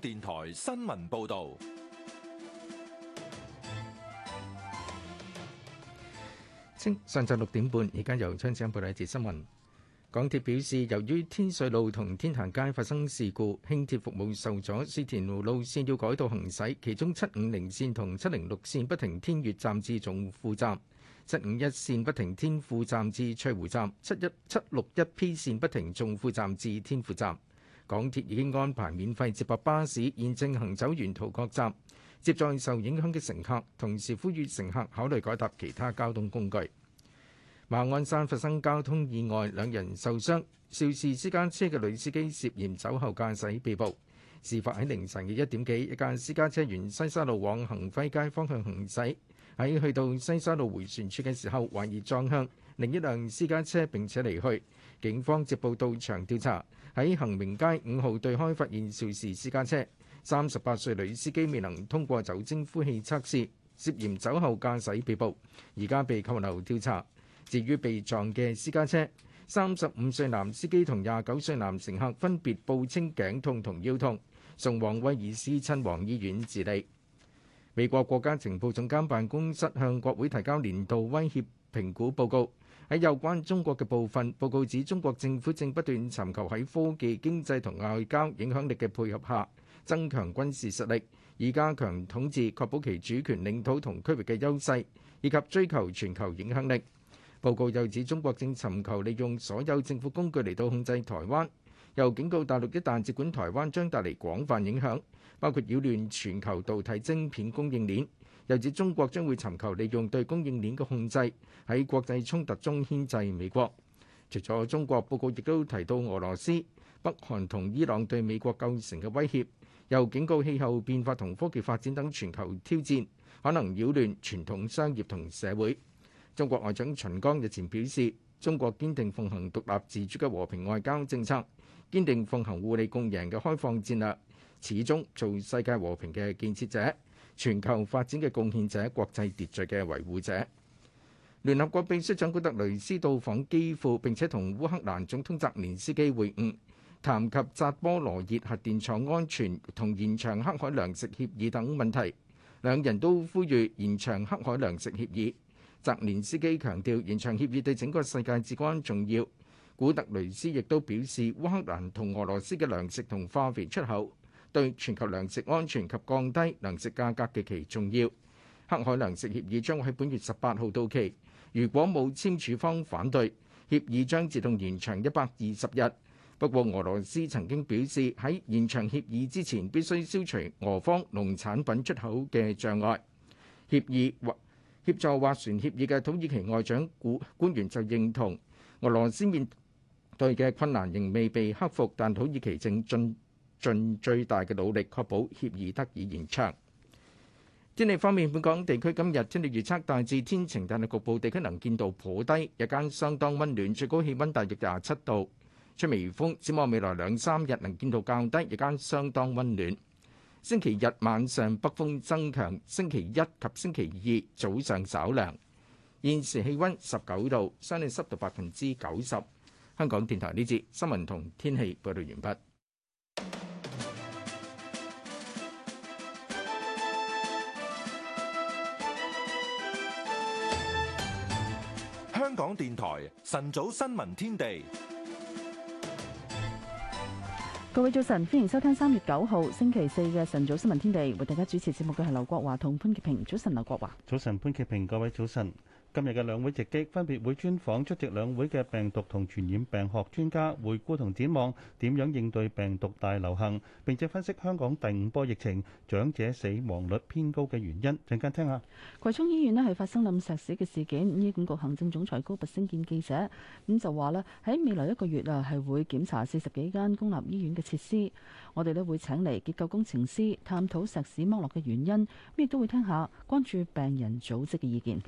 電台新聞報道：，清上晝六點半，而家由張生報道一節新聞。港鐵表示，由於天水路同天恒街發生事故，輕鐵服務受阻，市田路路綫要改道行駛。其中七五零綫同七零六綫不停天悦站至頌富站，七五一綫不停天富站至翠湖站，七一七六一 P 綫不停頌富站至天富站。港鐵已經安排免費接駁巴士，現正行走沿途各站，接載受影響嘅乘客，同時呼籲乘客考慮改搭其他交通工具。馬鞍山發生交通意外，兩人受傷，肇事私家車嘅女司機涉嫌酒後駕駛被捕。事發喺凌晨嘅一點幾，一架私家車沿西沙路往恆輝街方向行駛，喺去到西沙路回旋處嘅時候，懷疑撞向另一輛私家車並且離去。警方接報到場調查，喺恒明街五號對開發現肇事私家車，三十八歲女司機未能通過酒精呼氣測試，涉嫌酒後駕駛被捕，而家被扣留調查。至於被撞嘅私家車，三十五歲男司機同廿九歲男乘客分別報稱頸痛同腰痛，送往威爾斯親王醫院治理。美國國家情報總監辦公室向國會提交年度威脅評估報告。喺有關中國嘅部分，報告指中國政府正不斷尋求喺科技、經濟同外交影響力嘅配合下，增強軍事實力，以加強統治，確保其主權領土同區域嘅優勢，以及追求全球影響力。報告又指中國正尋求利用所有政府工具嚟到控制台灣，又警告大陸一旦接管台灣，將帶嚟廣泛影響，包括擾亂全球導體晶片供應鏈。又指中國將會尋求利用對供應鏈嘅控制，喺國際衝突中牽制美國。除咗中國報告，亦都提到俄羅斯、北韓同伊朗對美國構成嘅威脅，又警告氣候變化同科技發展等全球挑戰可能擾亂傳統商業同社會。中國外長秦剛日前表示，中國堅定奉行獨立自主嘅和平外交政策，堅定奉行互利共贏嘅開放戰略，始終做世界和平嘅建設者、全球發展嘅貢獻者、國際秩序嘅維護者，聯合國秘書長古特雷斯到訪基輔，並且同烏克蘭總統澤連斯基會晤，談及扎波羅熱核電廠安全同延長黑海糧食協議等問題。兩人都呼籲延長黑海糧食協議。澤連斯基強調延長協議對整個世界至關重要。古特雷斯亦都表示烏克蘭同俄羅斯嘅糧食同化肥出口，對全球糧食安全及降低糧食價格極其重要。黑海糧食協議將會喺本月十八號到期，如果冇簽署方反對，協議將自動延長一百二十日。不過，俄羅斯曾經表示喺延長協議之前必須消除俄方農產品出口嘅障礙。協議或協助劃船協議嘅土耳其外長官員就認同，俄羅斯面對嘅困難仍未被克服，但土耳其正進盡最大嘅努力，確保協議得以延長。天氣方面，本港地區今日天氣預測大致天晴，但係局部地區能見度頗低。日間相當温暖，最高氣温大約廿七度，吹微風。展望未來兩三日能見度較低，日間相當温暖。星期日晚上北風增強，星期一及星期二早上稍涼。現時氣温十九度，相對濕度百分之九十。香港電台呢節新聞同天氣報導完畢。香港電台晨早新聞天地，各位早晨，歡迎收聽三月九號星期四嘅晨早新聞天地，為大家主持節目嘅係劉國華同潘潔平，早晨劉國華，早晨潘潔平，各位早晨。今日嘅兩會直擊，分別會專訪出席兩會嘅病毒同傳染病學專家，回顧同展望點樣應對病毒大流行，並且分析香港第五波疫情長者死亡率偏高嘅原因。陣間聽下葵涌醫院咧係發生冧石屎嘅事件，醫管局行政總裁高拔升見記者咁就話咧喺未來一個月啊係會檢查四十幾間公立醫院嘅設施，我哋咧會請嚟結構工程師探討石屎剝落嘅原因，咁亦都會聽下關注病人組織嘅意見。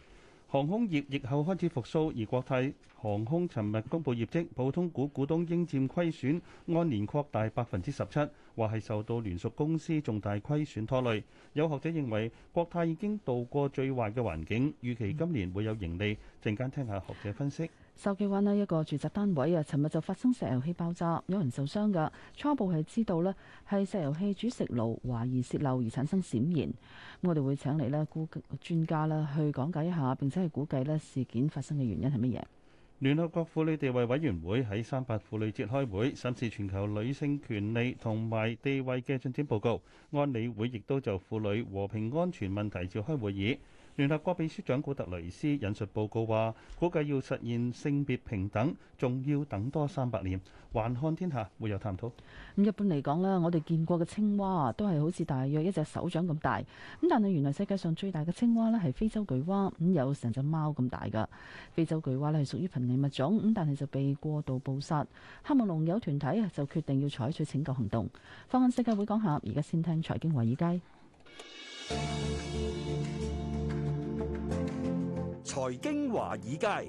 航空業疫後開始復甦，而國泰航空尋日公佈業績，普通股股東應佔虧損按年擴大百分之十七，話係受到聯屬公司重大虧損拖累。有學者認為國泰已經度過最壞嘅環境，預期今年會有盈利。陣間聽下學者分析。筲箕灣呢一個住宅單位啊，尋日就發生石油氣爆炸，有人受傷噶。初步係知道呢係石油氣煮食爐懷疑洩漏而產生閃燃。我哋會請嚟呢估專家呢去講解一下，並且係估計呢事件發生嘅原因係乜嘢。聯合國婦女地位委員會喺三八婦女節開會審視全球女性權利同埋地位嘅進展報告，安理會亦都就婦女和平安全問題召開會議。聯合國秘書長古特雷斯引述報告話，估計要實現性別平等，仲要等多三百年。環看天下會有探討。咁一般嚟講呢，我哋見過嘅青蛙都係好似大約一隻手掌咁大。咁但係原來世界上最大嘅青蛙呢係非洲巨蛙，咁有成隻貓咁大㗎。非洲巨蛙呢係屬於瀕危物種，咁但係就被過度捕殺。喀麥隆有團體就決定要採取拯救行動。放眼世界會講下，而家先聽財經華爾街。財經華爾街，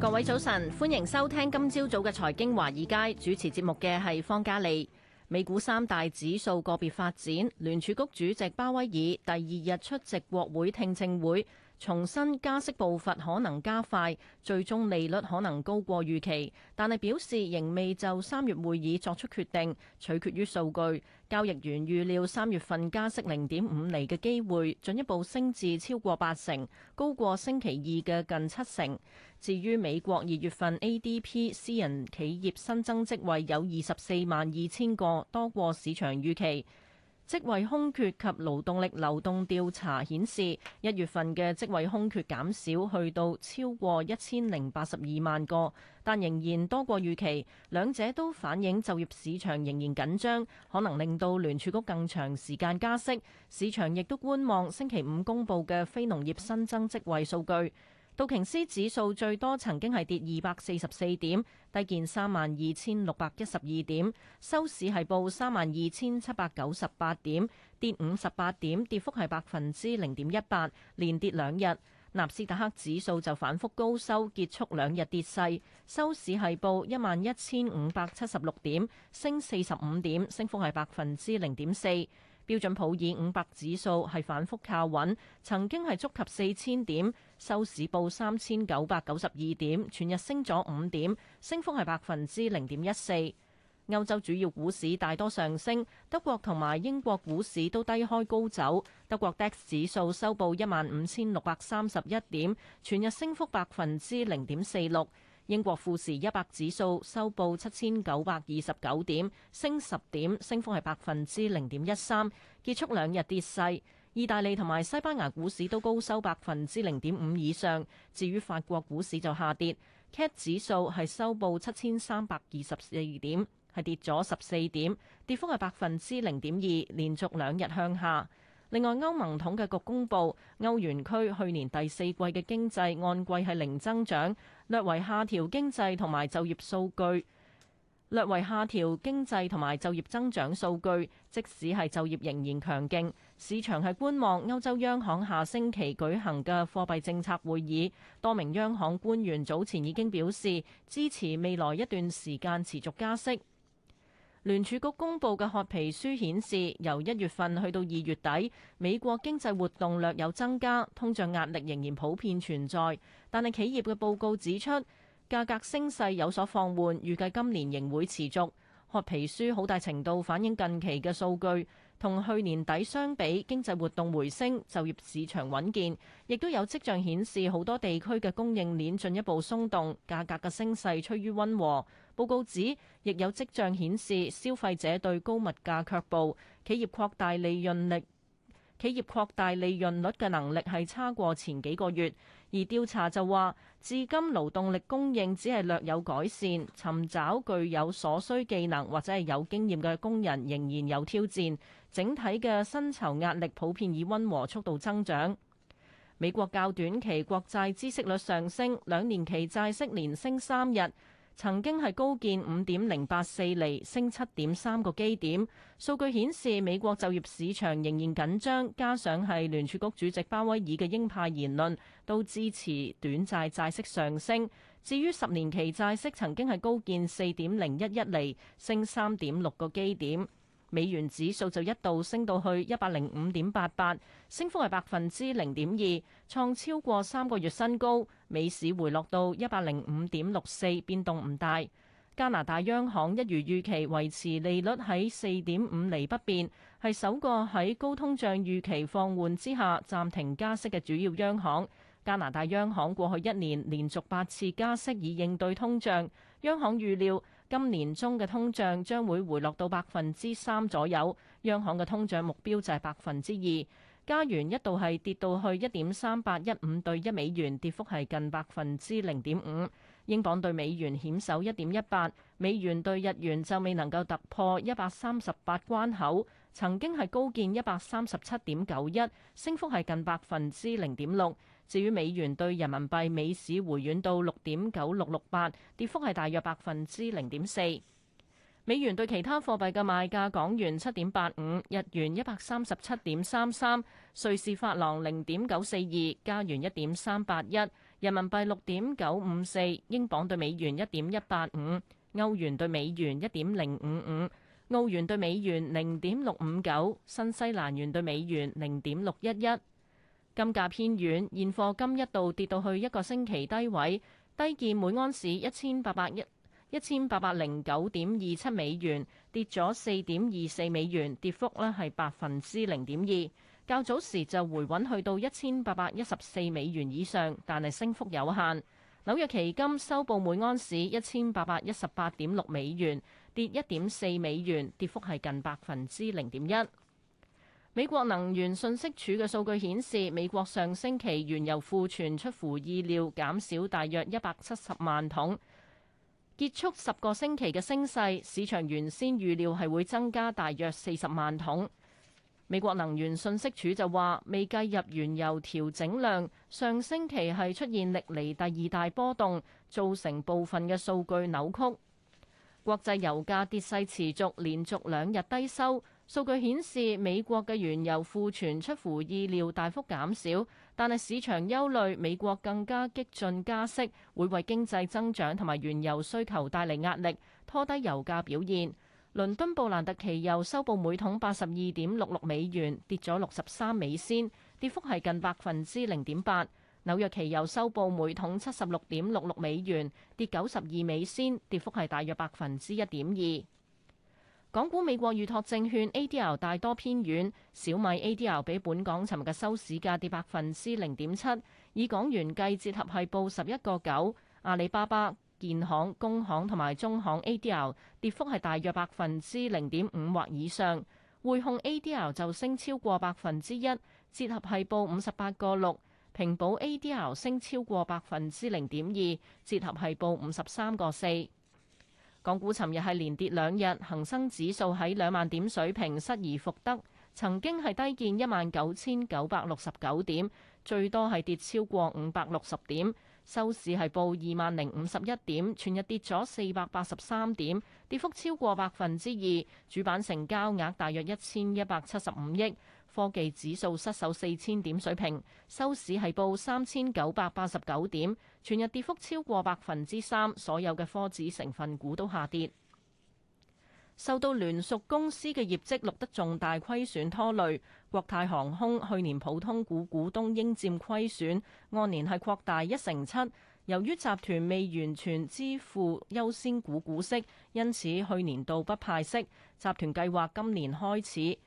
各位早晨，歡迎收聽今朝早嘅財經華爾街。主持節目嘅係方嘉利。美股三大指數個別發展，聯儲局主席鮑威爾第二日出席國會聽證會，重申加息步伐可能加快，最終利率可能高過預期，但係表示仍未就三月會議作出決定，取決於數據。交易員預料三月份加息零點五厘嘅機會進一步升至超過八成，高過星期二嘅近七成。至於美國二月份 ADP 私人企業新增職位有二十四萬二千個，多過市場預期。職位空缺及勞動力流動調查顯示，一月份嘅職位空缺減少去到超過一千零八十二萬個，但仍然多過預期。兩者都反映就業市場仍然緊張，可能令到聯儲局更長時間加息。市場亦都觀望星期五公佈嘅非農業新增職位數據。道瓊斯指數最多曾經係跌二百四十四點，低見三萬二千六百一十二點，收市係報三萬二千七百九十八點，跌五十八點，跌幅係百分之零點一八，連跌兩日。納斯達克指數就反覆高收，結束兩日跌勢，收市係報一萬一千五百七十六點，升四十五點，升幅係百分之零點四。標準普爾五百指數係反覆靠穩，曾經係觸及四千點。收市報三千九百九十二點，全日升咗五點，升幅係百分之零點一四。歐洲主要股市大多上升，德國同埋英國股市都低開高走。德國 DAX 指數收報一萬五千六百三十一點，全日升幅百分之零點四六。英國富時一百指數收報七千九百二十九點，升十點，升幅係百分之零點一三，結束兩日跌勢。意大利同埋西班牙股市都高收百分之零點五以上，至於法國股市就下跌。c a t 指數係收報七千三百二十四點，係跌咗十四點，跌幅係百分之零點二，連續兩日向下。另外，歐盟統計局公布歐元區去年第四季嘅經濟按季係零增長，略為下調經濟同埋就業數據。略為下調經濟同埋就業增長數據，即使係就業仍然強勁，市場係觀望歐洲央行下星期舉行嘅貨幣政策會議。多名央行官員早前已經表示支持未來一段時間持續加息。聯儲局公布嘅褐皮書顯示，由一月份去到二月底，美國經濟活動略有增加，通脹壓力仍然普遍存在，但係企業嘅報告指出，價格升勢有所放緩，預計今年仍會持續。褐皮書好大程度反映近期嘅數據，同去年底相比，經濟活動回升，就業市場穩健，亦都有跡象顯示好多地區嘅供應鏈進一步鬆動，價格嘅升勢趨於溫和。報告指，亦有跡象顯示消費者對高物價卻步，企業擴大利潤率。企業擴大利潤率嘅能力係差過前幾個月。而調查就話。至今勞動力供應只係略有改善，尋找具有所需技能或者係有經驗嘅工人仍然有挑戰。整體嘅薪酬壓力普遍以溫和速度增長。美國較短期國債孳息率上升，兩年期債息連升三日。曾經係高見五點零八四厘，升七點三個基點。數據顯示美國就業市場仍然緊張，加上係聯儲局主席鮑威爾嘅鷹派言論，都支持短債債息上升。至於十年期債息曾經係高見四點零一一厘，升三點六個基點。美元指數就一度升到去一百零五點八八，升幅係百分之零點二，創超過三個月新高。美市回落到一百零五點六四，變動唔大。加拿大央行一如預期維持利率喺四點五厘不變，係首個喺高通脹預期放緩之下暫停加息嘅主要央行。加拿大央行過去一年連續八次加息以應對通脹，央行預料。今年中嘅通脹將會回落到百分之三左右，央行嘅通脹目標就係百分之二。加元一度係跌到去一點三八一五對一美元，跌幅係近百分之零點五。英鎊對美元險守一點一八，美元對日元就未能夠突破一百三十八關口，曾經係高見一百三十七點九一，升幅係近百分之零點六。至於美元兌人民幣，美市回軟到六點九六六八，跌幅係大約百分之零點四。美元對其他貨幣嘅賣價：港元七點八五，日元一百三十七點三三，瑞士法郎零點九四二，加元一點三八一，人民幣六點九五四，英鎊對美元一點一八五，歐元對美元一點零五五，澳元對美元零點六五九，新西蘭元對美元零點六一一。金價偏軟，現貨金一度跌到去一個星期低位，低見每安士一千八百一一千八百零九點二七美元，跌咗四點二四美元，跌幅咧係百分之零點二。較早時就回穩去到一千八百一十四美元以上，但係升幅有限。紐約期金收報每安士一千八百一十八點六美元，跌一點四美元，跌幅係近百分之零點一。美國能源信息署嘅數據顯示，美國上星期原油庫存出乎意料減少大約一百七十萬桶，結束十個星期嘅升勢。市場原先預料係會增加大約四十萬桶。美國能源信息署就話，未計入原油調整量，上星期係出現歷嚟第二大波動，造成部分嘅數據扭曲。國際油價跌勢持續，連續兩日低收。數據顯示，美國嘅原油庫存出乎意料大幅減少，但係市場憂慮美國更加激進加息會為經濟增長同埋原油需求帶嚟壓力，拖低油價表現。倫敦布蘭特期油收報每桶八十二點六六美元，跌咗六十三美仙，跌幅係近百分之零點八。紐約期油收報每桶七十六點六六美元，跌九十二美仙，跌幅係大約百分之一點二。港股美國預託證券 ADR 大多偏軟，小米 ADR 比本港尋日嘅收市價跌百分之零點七，以港元計，折合係報十一個九。阿里巴巴、建行、工行同埋中行 ADR 跌幅係大約百分之零點五或以上，匯控 ADR 就升超過百分之一，折合係報五十八個六。平保 ADR 升超過百分之零點二，折合係報五十三個四。港股尋日係連跌兩日，恒生指數喺兩萬點水平失而復得，曾經係低見一萬九千九百六十九點，最多係跌超過五百六十點，收市係報二萬零五十一點，全日跌咗四百八十三點，跌幅超過百分之二，主板成交額大約一千一百七十五億。科技指數失守四千點水平，收市係報三千九百八十九點，全日跌幅超過百分之三。所有嘅科指成分股都下跌，受到聯屬公司嘅業績錄得重大虧損拖累。國泰航空去年普通股股東應佔虧損，按年係擴大一成七，由於集團未完全支付優先股股息，因此去年度不派息。集團計劃今年開始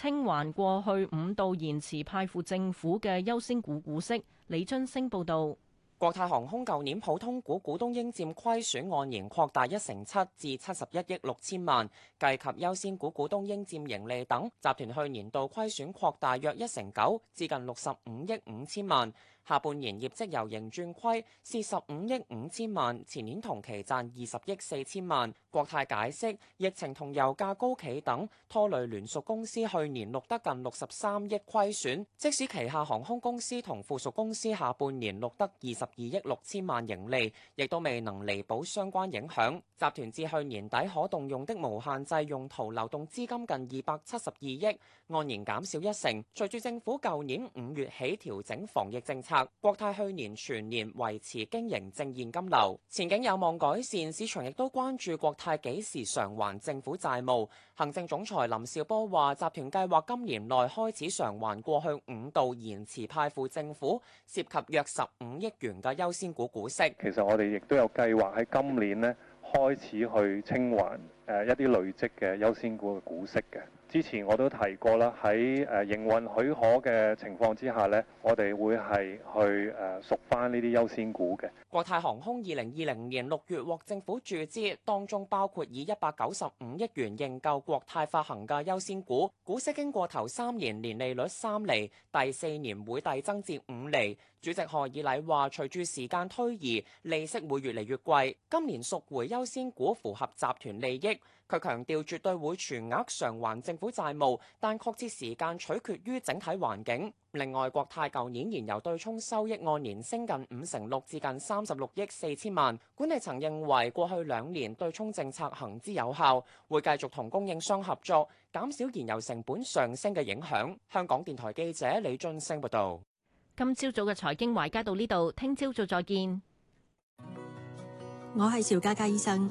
清還過去五度延遲派付政府嘅優先股股息。李津星報導，國泰航空舊年普通股股東應佔虧損按年擴大一成七至七十一億六千萬，計及優先股股東應佔盈利等，集團去年度虧損擴大約一成九至近六十五億五千萬。下半年業績由盈轉虧，四十五億五千萬，前年同期賺二十億四千萬。國泰解釋，疫情同油價高企等拖累聯屬公司去年錄得近六十三億虧損，即使旗下航空公司同附屬公司下半年錄得二十二億六千萬盈利，亦都未能彌補相關影響。集團至去年底可動用的無限制用途流動資金近二百七十二億。按年減少一成。隨住政府舊年五月起調整防疫政策，國泰去年全年維持經營正現金流，前景有望改善。市場亦都關注國泰幾時償還政府債務。行政總裁林紹波話：集團計劃今年內開始償還過去五度延遲派付政府涉及約十五億元嘅優先股股息。其實我哋亦都有計劃喺今年咧，開始去清還誒一啲累積嘅優先股嘅股息嘅。之前我都提過啦，喺誒營運許可嘅情況之下呢，我哋會係去誒贖翻呢啲優先股嘅。國泰航空二零二零年六月獲政府注資，當中包括以一百九十五億元認購國泰發行嘅優先股，股息經過頭三年年利率三厘，第四年會遞增至五厘。主席何以禮話：隨住時間推移，利息會越嚟越貴。今年贖回優先股符合集團利益。佢強調絕對會全額償還政府債務，但確切時間取決於整體環境。另外，國泰舊年燃油對沖收益按年升近五成六，至近三十六億四千萬。管理層認為過去兩年對沖政策行之有效，會繼續同供應商合作，減少燃油成本上升嘅影響。香港電台記者李俊升報導。今朝早嘅財經圍街到呢度，聽朝早再見。我係邵嘉嘉醫生。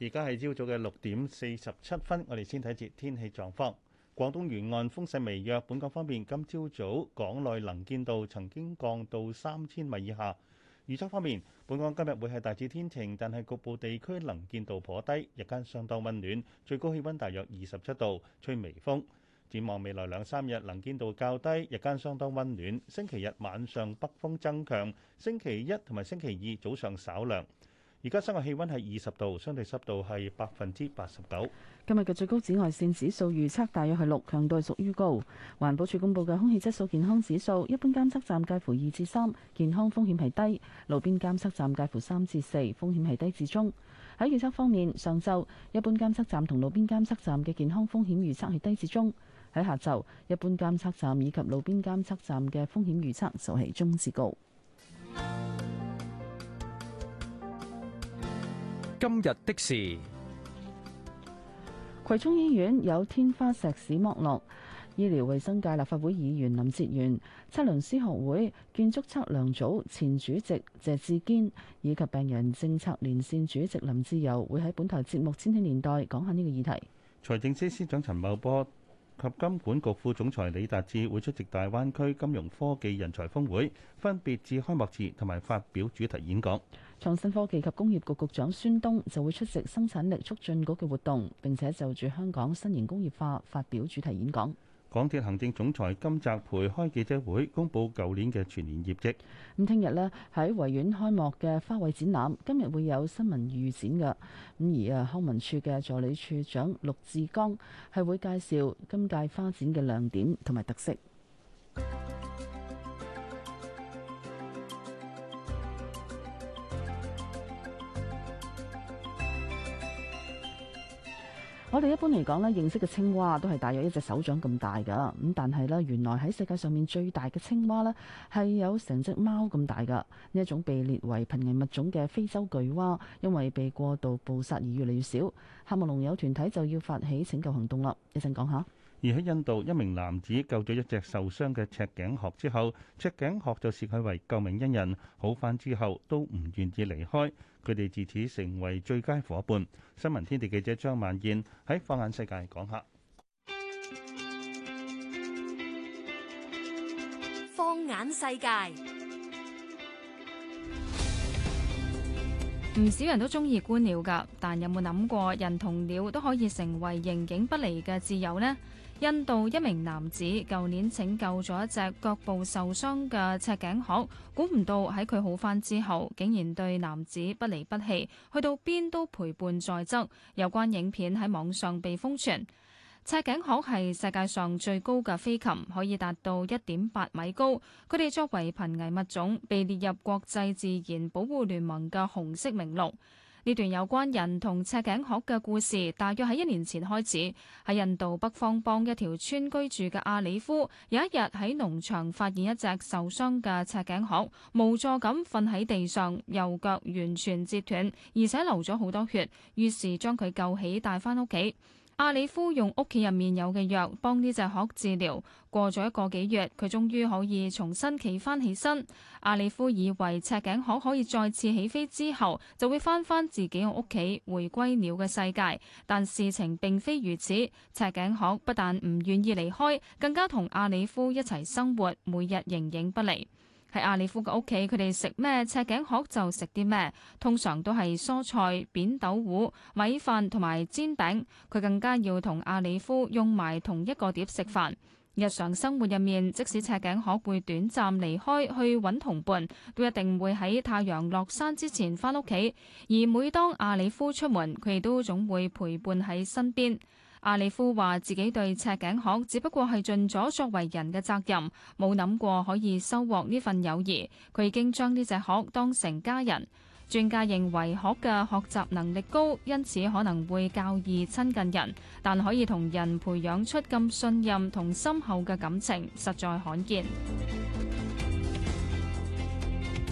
而家係朝早嘅六點四十七分，我哋先睇下天氣狀況。廣東沿岸風勢微弱。本港方面，今朝早港內能見度曾經降到三千米以下。預測方面，本港今日會係大致天晴，但係局部地區能見度頗低。日間相當温暖，最高氣温大約二十七度，吹微風。展望未來兩三日，能見度較低，日間相當温暖。星期日晚上北風增強，星期一同埋星期二早上稍涼。而家室外氣温係二十度，相對濕度係百分之八十九。今日嘅最高紫外線指數預測大約係六，強度屬於高。環保署公布嘅空氣質素健康指數，一般監測站介乎二至三，健康風險係低；路邊監測站介乎三至四，風險係低至中。喺預測方面，上晝一般監測站同路邊監測站嘅健康風險預測係低至中；喺下晝，一般監測站以及路邊監測站嘅風險預測就係中至高。今日的事，葵涌醫院有天花石屎剝落，醫療衛生界立法會議員林哲源、測量師學會建築測量組前主席謝志堅以及病人政策連線主席林志友會喺本台節目《千禧年代》講下呢個議題。財政司司長陳茂波及金管局副總裁李達志會出席大灣區金融科技人才峰會，分別致開幕詞同埋發表主題演講。創新科技及工業局局長孫東就會出席生產力促進局嘅活動，並且就住香港新型工業化發表主題演講。港鐵行政總裁金澤培開記者會公布舊年嘅全年業績。咁聽日呢喺維園開幕嘅花卉展覽，今日會有新聞預展噶咁而啊康文署嘅助理署長陸志剛係會介紹今屆花展嘅亮點同埋特色。我哋一般嚟講呢，認識嘅青蛙都係大約一隻手掌咁大噶，咁但係呢，原來喺世界上面最大嘅青蛙呢，係有成隻貓咁大噶。呢一種被列為瀕危物種嘅非洲巨蛙，因為被過度捕殺而越嚟越少，夏目龍友團體就要發起拯救行動啦。一陣講下。而喺印度，一名男子救咗一隻受傷嘅赤頸鶴之後，赤頸鶴就視佢為救命恩人。好返之後都唔願意離開，佢哋自此成為最佳伙伴。新聞天地記者張萬燕喺《放眼世界》講下。放眼世界，唔少人都中意觀鳥噶，但有冇諗過人同鳥都可以成為形影不離嘅摯友呢？印度一名男子舊年拯救咗一隻腳部受傷嘅赤頸鶴，估唔到喺佢好返之後，竟然對男子不離不棄，去到邊都陪伴在側。有關影片喺網上被瘋傳。赤頸鶴係世界上最高嘅飛禽，可以達到一點八米高。佢哋作為瀕危物種，被列入國際自然保護聯盟嘅紅色名錄。呢段有關人同赤頸鶴嘅故事，大約喺一年前開始，喺印度北方邦一條村居住嘅阿里夫，有一日喺農場發現一隻受傷嘅赤頸鶴，無助咁瞓喺地上，右腳完全折斷，而且流咗好多血，於是將佢救起帶翻屋企。阿里夫用屋企入面有嘅藥幫呢隻鶴治療，過咗一個幾月，佢終於可以重新企翻起身。阿里夫以為赤頸鶴可以再次起飛之後，就會翻翻自己嘅屋企，回歸鳥嘅世界，但事情並非如此。赤頸鶴不但唔願意離開，更加同阿里夫一齊生活，每日形影不離。喺阿里夫嘅屋企，佢哋食咩赤頸鶴就食啲咩，通常都係蔬菜扁豆糊、米飯同埋煎餅。佢更加要同阿里夫用埋同一個碟食飯。日常生活入面，即使赤頸鶴會短暫離開去揾同伴，都一定會喺太陽落山之前翻屋企。而每當阿里夫出門，佢哋都總會陪伴喺身邊。阿里夫話：自己對赤頸鶴只不過係盡咗作為人嘅責任，冇諗過可以收穫呢份友誼。佢已經將呢隻鶴當成家人。專家認為鶴嘅學習能力高，因此可能會較易親近人，但可以同人培養出咁信任同深厚嘅感情，實在罕見。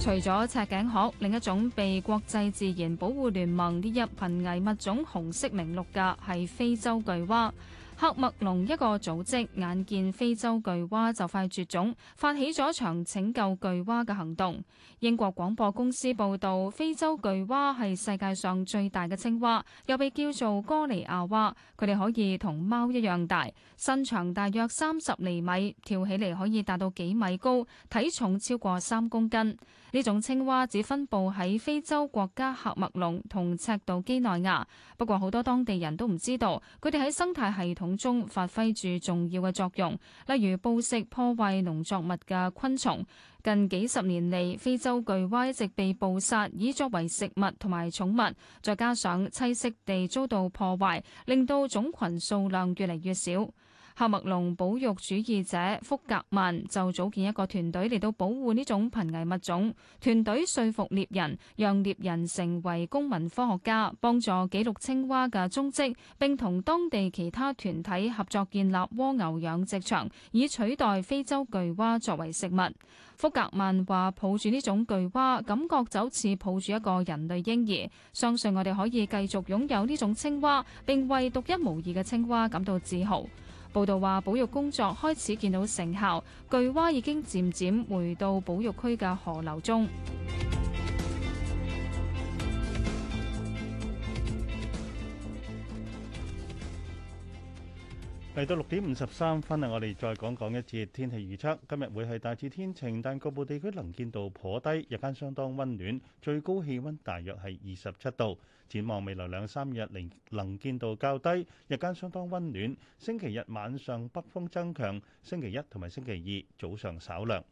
除咗赤頸鶴，另一種被國際自然保護聯盟列入瀕危物種紅色名錄嘅係非洲巨蛙。黑麥龍一個組織眼見非洲巨蛙就快絕種，發起咗場拯救巨蛙嘅行動。英國廣播公司報導，非洲巨蛙係世界上最大嘅青蛙，又被叫做哥尼亞蛙。佢哋可以同貓一樣大，身長大約三十厘米，跳起嚟可以達到幾米高，體重超過三公斤。呢種青蛙只分布喺非洲國家喀麥隆同赤道基內亞，不過好多當地人都唔知道，佢哋喺生態系統中發揮住重要嘅作用，例如捕食破壞農作物嘅昆蟲。近幾十年嚟，非洲巨蛙一直被捕殺，以作為食物同埋寵物，再加上棲息地遭到破壞，令到種群數量越嚟越少。喀麥隆保育主義者福格曼就組建一個團隊嚟到保護呢種瀕危物種。團隊說服獵人，讓獵人成為公民科學家，幫助記錄青蛙嘅蹤跡，並同當地其他團體合作建立蝸牛養殖場，以取代非洲巨蛙作為食物。福格曼話：抱住呢種巨蛙，感覺就好似抱住一個人類嬰兒。相信我哋可以繼續擁有呢種青蛙，並為獨一無二嘅青蛙感到自豪。報道話，保育工作開始見到成效，巨蛙已經漸漸回到保育區嘅河流中。嚟到六點五十三分啊！我哋再講講一次天氣預測。今日會係大致天晴，但局部地區能見度頗低，日間相當溫暖，最高氣温大約係二十七度。展望未來兩三日，能能見度較低，日間相當溫暖。星期日晚上北風增強，星期一同埋星期二早上稍涼。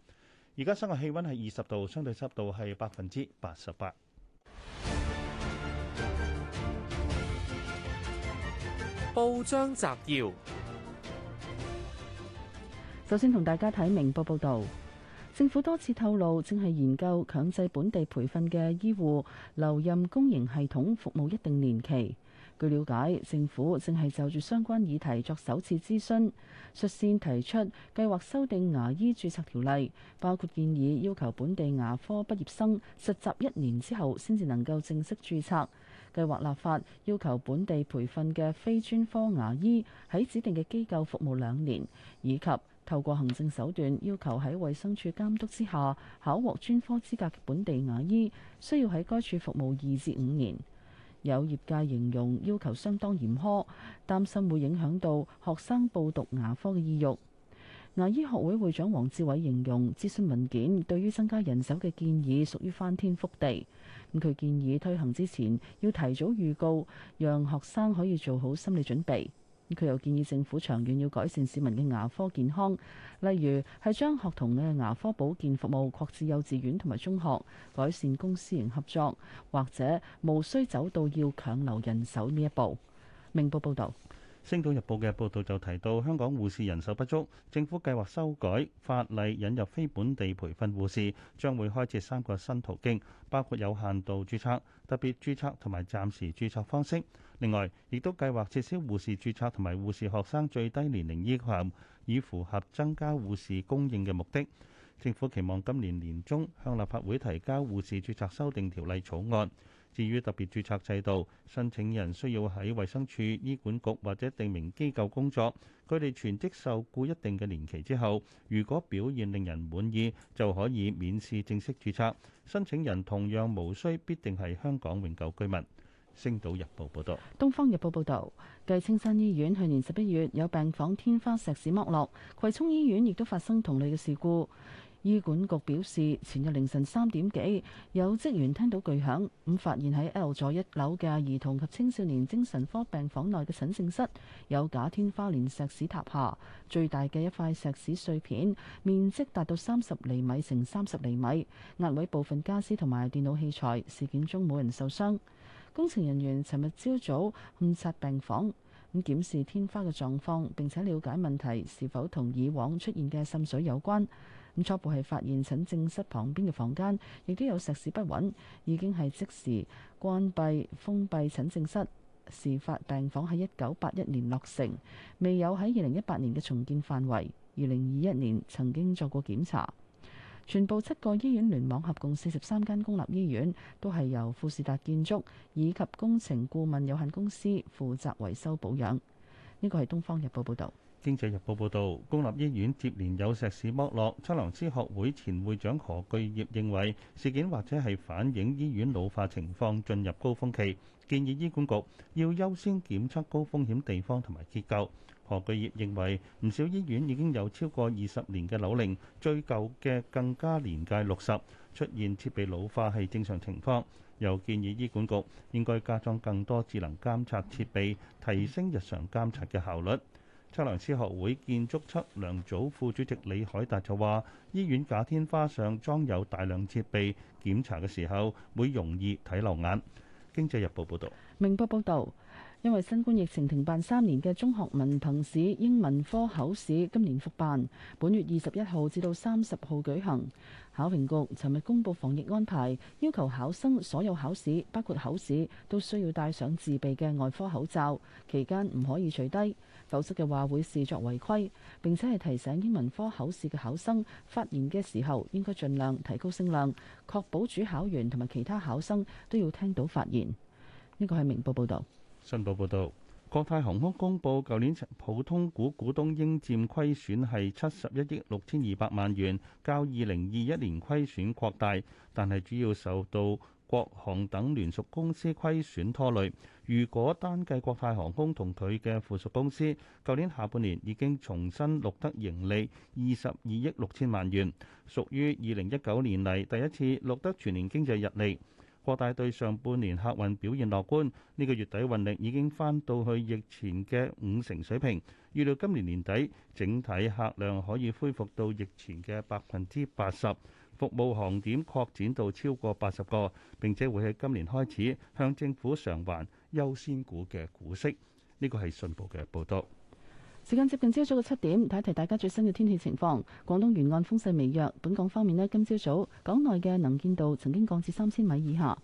而家室外氣温係二十度，相對濕度係百分之八十八。報章摘要。首先同大家睇明報報導，政府多次透露正係研究強制本地培訓嘅醫護留任公營系統服務一定年期。據了解，政府正係就住相關議題作首次諮詢，率先提出計劃修訂牙醫註冊條例，包括建議要求本地牙科畢業生實習一年之後先至能夠正式註冊；計劃立法要求本地培訓嘅非專科牙醫喺指定嘅機構服務兩年，以及透過行政手段要求喺衛生署監督之下考獲專科資格嘅本地牙醫，需要喺該處服務二至五年。有業界形容要求相當嚴苛，擔心會影響到學生報讀牙科嘅意欲。牙醫學會會長黃志偉形容諮詢文件對於增加人手嘅建議屬於翻天覆地。咁佢建議推行之前要提早預告，讓學生可以做好心理準備。佢又建議政府長遠要改善市民嘅牙科健康，例如係將學童嘅牙科保健服務擴至幼稚園同埋中學，改善公私營合作，或者無需走到要強留人手呢一步。明報報導。星期日報嘅報道就提到香港護士人手不足，政府計劃修改法例，引入非本地培訓護士，將會開設三個新途徑，包括有限度註冊，特別註冊同埋暫時註冊方式。另外，亦都計劃撤銷護士註冊同埋護士學生最低年齡要求，以符合增加護士供應嘅目的。政府期望今年年中，向立法會提交護士註冊修訂條例草案。至於特別註冊制度，申請人需要喺衛生署、醫管局或者定名機構工作，佢哋全職受雇一定嘅年期之後，如果表現令人滿意，就可以免試正式註冊。申請人同樣無需必定係香港永久居民。星島日報報道。東方日報報道，繼青山醫院去年十一月有病房天花石屎剝落，葵涌醫院亦都發生同類嘅事故。醫管局表示，前日凌晨三點幾，有職員聽到巨響，咁發現喺 L 座一樓嘅兒童及青少年精神科病房內嘅診症室有假天花連石屎塌下，最大嘅一塊石屎碎片面積達到三十厘米乘三十厘米，壓毀部分傢俬同埋電腦器材。事件中冇人受傷。工程人員尋日朝早勘察病房，咁檢視天花嘅狀況，並且了解問題是否同以往出現嘅滲水有關。咁初步係發現診症室旁邊嘅房間亦都有石屎不穩，已經係即時關閉封閉診症室。事發病房喺一九八一年落成，未有喺二零一八年嘅重建範圍。二零二一年曾經作過檢查。全部七個醫院聯網合共四十三間公立醫院都係由富士達建築以及工程顧問有限公司負責維修保養。呢個係《東方日報》報導。《經濟日報》報導，公立醫院接連有石屎剝落。測量師學會前會長何巨業認為，事件或者係反映醫院老化情況進入高峯期，建議醫管局要優先檢測高風險地方同埋結構。何巨業認為，唔少醫院已經有超過二十年嘅樓齡，最舊嘅更加年屆六十，出現設備老化係正常情況。又建議醫管局應該加裝更多智能監測設備，提升日常監察嘅效率。測量師學會建築測量組副主席李海達就話：醫院假天花上裝有大量設備，檢查嘅時候會容易睇漏眼。經濟日報報道：「明報報道，因為新冠疫情停辦三年嘅中學文憑試英文科口試，今年復辦，本月二十一號至到三十號舉行。考評局尋日公布，防疫安排，要求考生所有考試，包括口試，都需要戴上自備嘅外科口罩，期間唔可以除低，否則嘅話會視作違規，並且係提醒英文科考試嘅考生發言嘅時候應該盡量提高聲量，確保主考員同埋其他考生都要聽到發言。呢個係明報報道，新報報道。國泰航空公布，舊年普通股股東應佔虧損係七十一億六千二百萬元，較二零二一年虧損擴大，但係主要受到國航等聯屬公司虧損拖累。如果單計國泰航空同佢嘅附屬公司，舊年下半年已經重新錄得盈利二十二億六千萬元，屬於二零一九年嚟第一次錄得全年經濟日利。國泰對上半年客運表現樂觀，呢、這個月底運力已經翻到去疫前嘅五成水平，預料今年年底整體客量可以恢復到疫前嘅百分之八十，服務航點擴展到超過八十個，並且會喺今年開始向政府償還優先股嘅股息。呢個係信報嘅報導。時間接近朝早嘅七點，提一提大家最新嘅天氣情況。廣東沿岸風勢微弱，本港方面呢，今朝早，早港內嘅能見度曾經降至三千米以下。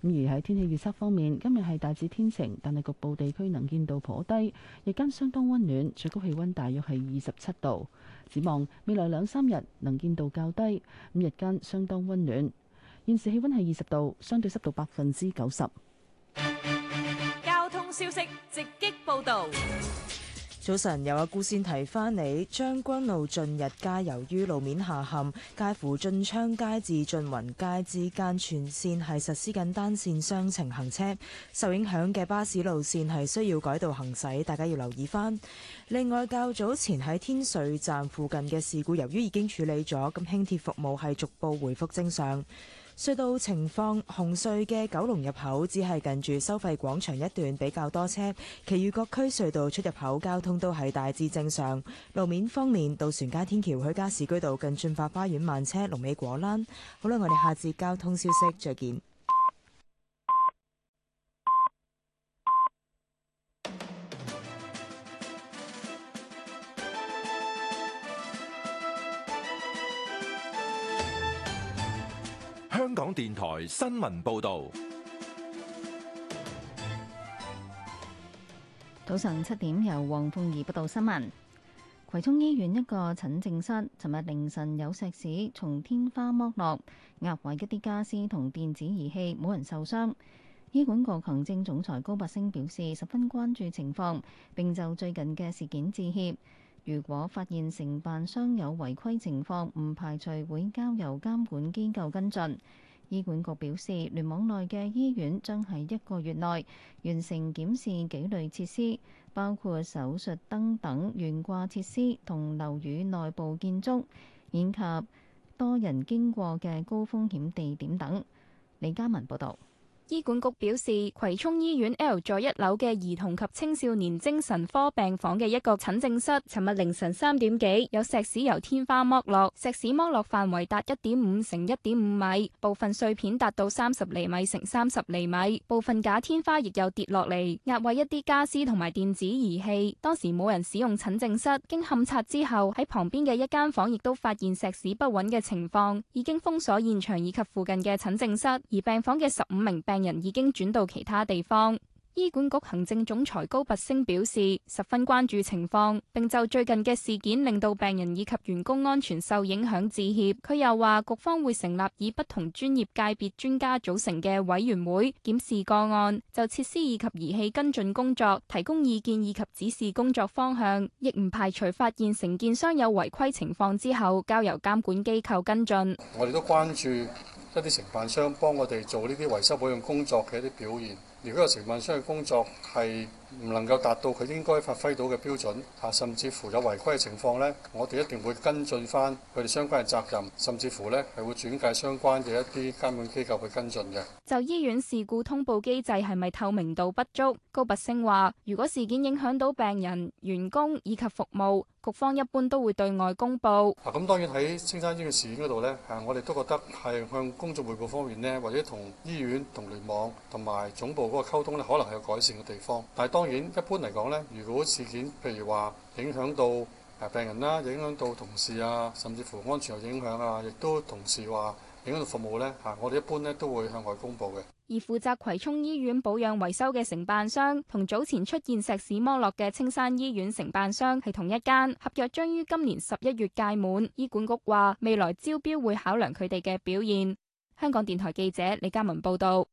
咁而喺天氣預測方面，今日係大致天晴，但係局部地區能見度頗低，日間相當溫暖，最高氣溫大約係二十七度。展望未來兩三日，能見度較低，咁日間相當溫暖。現時氣溫係二十度，相對濕度百分之九十。交通消息直擊報道。早晨，有阿姑先提翻你將軍澳駿日街，由於路面下陷，介乎駿昌街至駿運街之間，全線係實施緊單線雙程行車，受影響嘅巴士路線係需要改道行駛，大家要留意翻。另外，較早前喺天水站附近嘅事故，由於已經處理咗，咁輕鐵服務係逐步回復正常。隧道情況，紅隧嘅九龍入口只係近住收費廣場一段比較多車，其餘各區隧道出入口交通都係大致正常。路面方面，渡船街天橋去加士居道近俊發花園慢車，龍尾果欄。好啦，我哋下節交通消息再見。香港電台新聞報道，早晨七點，由黃鳳儀報道新聞。葵涌醫院一個診症室，尋日凌晨有石屎從天花剝落，壓壞一啲家私同電子儀器，冇人受傷。醫管局行政總裁高拔升表示，十分關注情況，並就最近嘅事件致歉。如果發現承辦商有違規情況，唔排除會交由監管機構跟進。醫管局表示，聯網內嘅醫院將喺一個月內完成檢視幾類設施，包括手術燈等懸掛設施同樓宇內部建築，以及多人經過嘅高風險地點等。李嘉文報導。醫管局表示，葵涌醫院 L 座一樓嘅兒童及青少年精神科病房嘅一個診症室，尋日凌晨三點幾有石屎由天花剝落，石屎剝落範圍達一點五乘一點五米，部分碎片達到三十厘米乘三十厘米，部分假天花亦有跌落嚟，壓壞一啲家私同埋電子儀器。當時冇人使用診症室，經勘察之後喺旁邊嘅一間房亦都發現石屎不穩嘅情況，已經封鎖現場以及附近嘅診症室，而病房嘅十五名病病人已經轉到其他地方。醫管局行政總裁高拔昇表示，十分關注情況，並就最近嘅事件令到病人以及員工安全受影響致歉。佢又話，局方會成立以不同專業界別專家組成嘅委員會檢視個案，就設施以及儀器跟進工作提供意見以及指示工作方向，亦唔排除發現承建商有違規情況之後交由監管機構跟進。一啲承辦商幫我哋做呢啲維修保養工作嘅一啲表現，如果個承辦商嘅工作係，唔能夠達到佢應該發揮到嘅標準，嚇甚至乎有違規嘅情況咧，我哋一定會跟進翻佢哋相關嘅責任，甚至乎咧係會轉介相關嘅一啲監管機構去跟進嘅。就醫院事故通報機制係咪透明度不足？高拔陞話，如果事件影響到病人、員工以及服務，局方一般都會對外公布，咁當然喺青山醫院事件嗰度咧，我哋都覺得係向公眾匯報方面咧，或者同醫院、同聯網同埋總部嗰個溝通咧，可能係有改善嘅地方。但係當。當然，一般嚟講咧，如果事件譬如話影響到誒病人啦，影響到同事啊，甚至乎安全有影響啊，亦都同事話影響到服務咧，吓我哋一般咧都會向外公布嘅。而負責葵涌醫院保養維修嘅承辦商，同早前出現石屎剝落嘅青山醫院承辦商係同一間，合約將於今年十一月屆滿。醫管局話未來招標會考量佢哋嘅表現。香港電台記者李嘉文報道。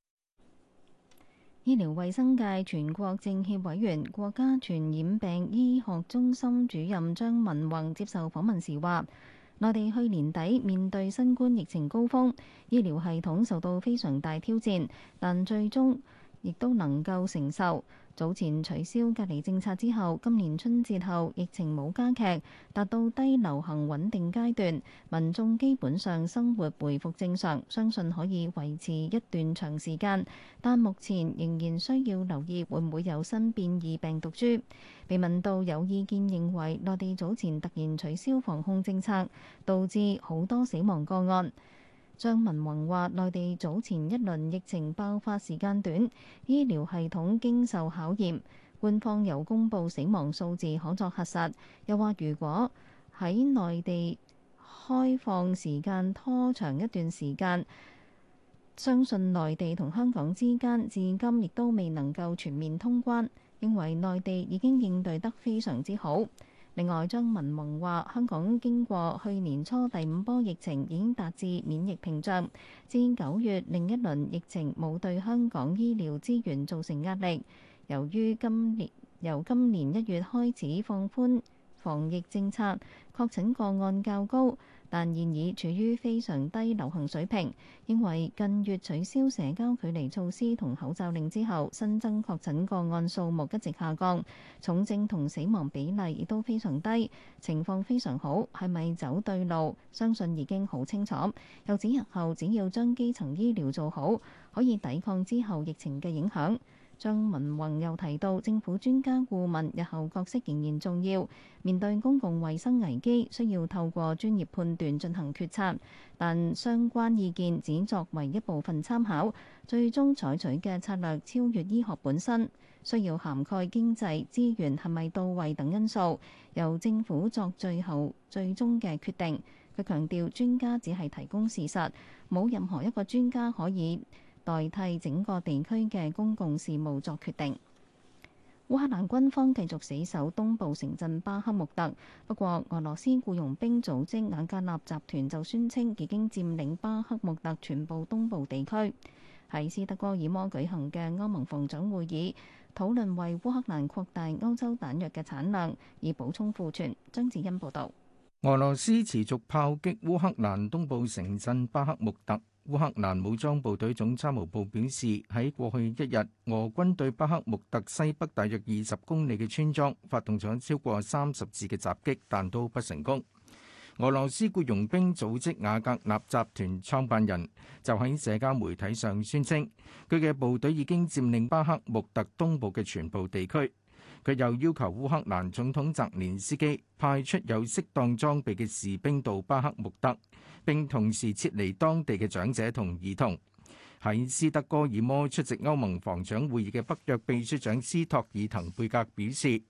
醫療衛生界全國政協委員、國家傳染病醫學中心主任張文宏接受訪問時話，內地去年底面對新冠疫情高峰，醫療系統受到非常大挑戰，但最終亦都能夠承受。早前取消隔離政策之後，今年春節後疫情冇加劇，達到低流行穩定階段，民眾基本上生活回復正常，相信可以維持一段長時間，但目前仍然需要留意會唔會有新變異病毒株。被問到有意見認為，內地早前突然取消防控政策，導致好多死亡個案。張文宏話：內地早前一輪疫情爆發時間短，醫療系統經受考驗，官方有公布死亡數字可作核實。又話如果喺內地開放時間拖長一段時間，相信內地同香港之間至今亦都未能夠全面通關。認為內地已經應對得非常之好。另外，張文宏話：香港經過去年初第五波疫情，已經達至免疫屏障。至九月另一輪疫情，冇對香港醫療資源造成壓力。由於今年由今年一月開始放寬防疫政策，確診個案較高。但現已處於非常低流行水平，認為近月取消社交距離措施同口罩令之後，新增確診個案數目一直下降，重症同死亡比例亦都非常低，情況非常好。係咪走對路？相信已經好清楚。又指日後只要將基層醫療做好，可以抵抗之後疫情嘅影響。張文宏又提到，政府專家顧問日後角色仍然重要，面對公共衛生危機需要透過專業判斷進行決策，但相關意見只作為一部分參考，最終採取嘅策略超越醫學本身，需要涵蓋經濟資源係咪到位等因素，由政府作最後最終嘅決定。佢強調專家只係提供事實，冇任何一個專家可以。代替整個地區嘅公共事務作決定。烏克蘭軍方繼續死守東部城鎮巴克穆特，不過俄羅斯僱傭兵組織華格納集團就宣稱已經佔領巴克穆特全部東部地區。喺斯德哥爾摩舉行嘅歐盟防長會議，討論為烏克蘭擴大歐洲彈藥嘅產量，以補充庫存。張志恩報導。俄羅斯持續炮擊烏克蘭東部城鎮巴克穆特。烏克蘭武裝部隊總參謀部表示，喺過去一日，俄軍對巴克穆特西北大約二十公里嘅村莊發動咗超過三十次嘅襲擊，但都不成功。俄羅斯僱傭兵組織瓦格納集團創辦人就喺社交媒體上宣稱，佢嘅部隊已經佔領巴克穆特東部嘅全部地區。佢又要求烏克蘭總統澤連斯基派出有適當裝備嘅士兵到巴克穆特，並同時撤離當地嘅長者同兒童。喺斯德哥爾摩出席歐盟防長會議嘅北約秘書長斯托爾滕貝格表示，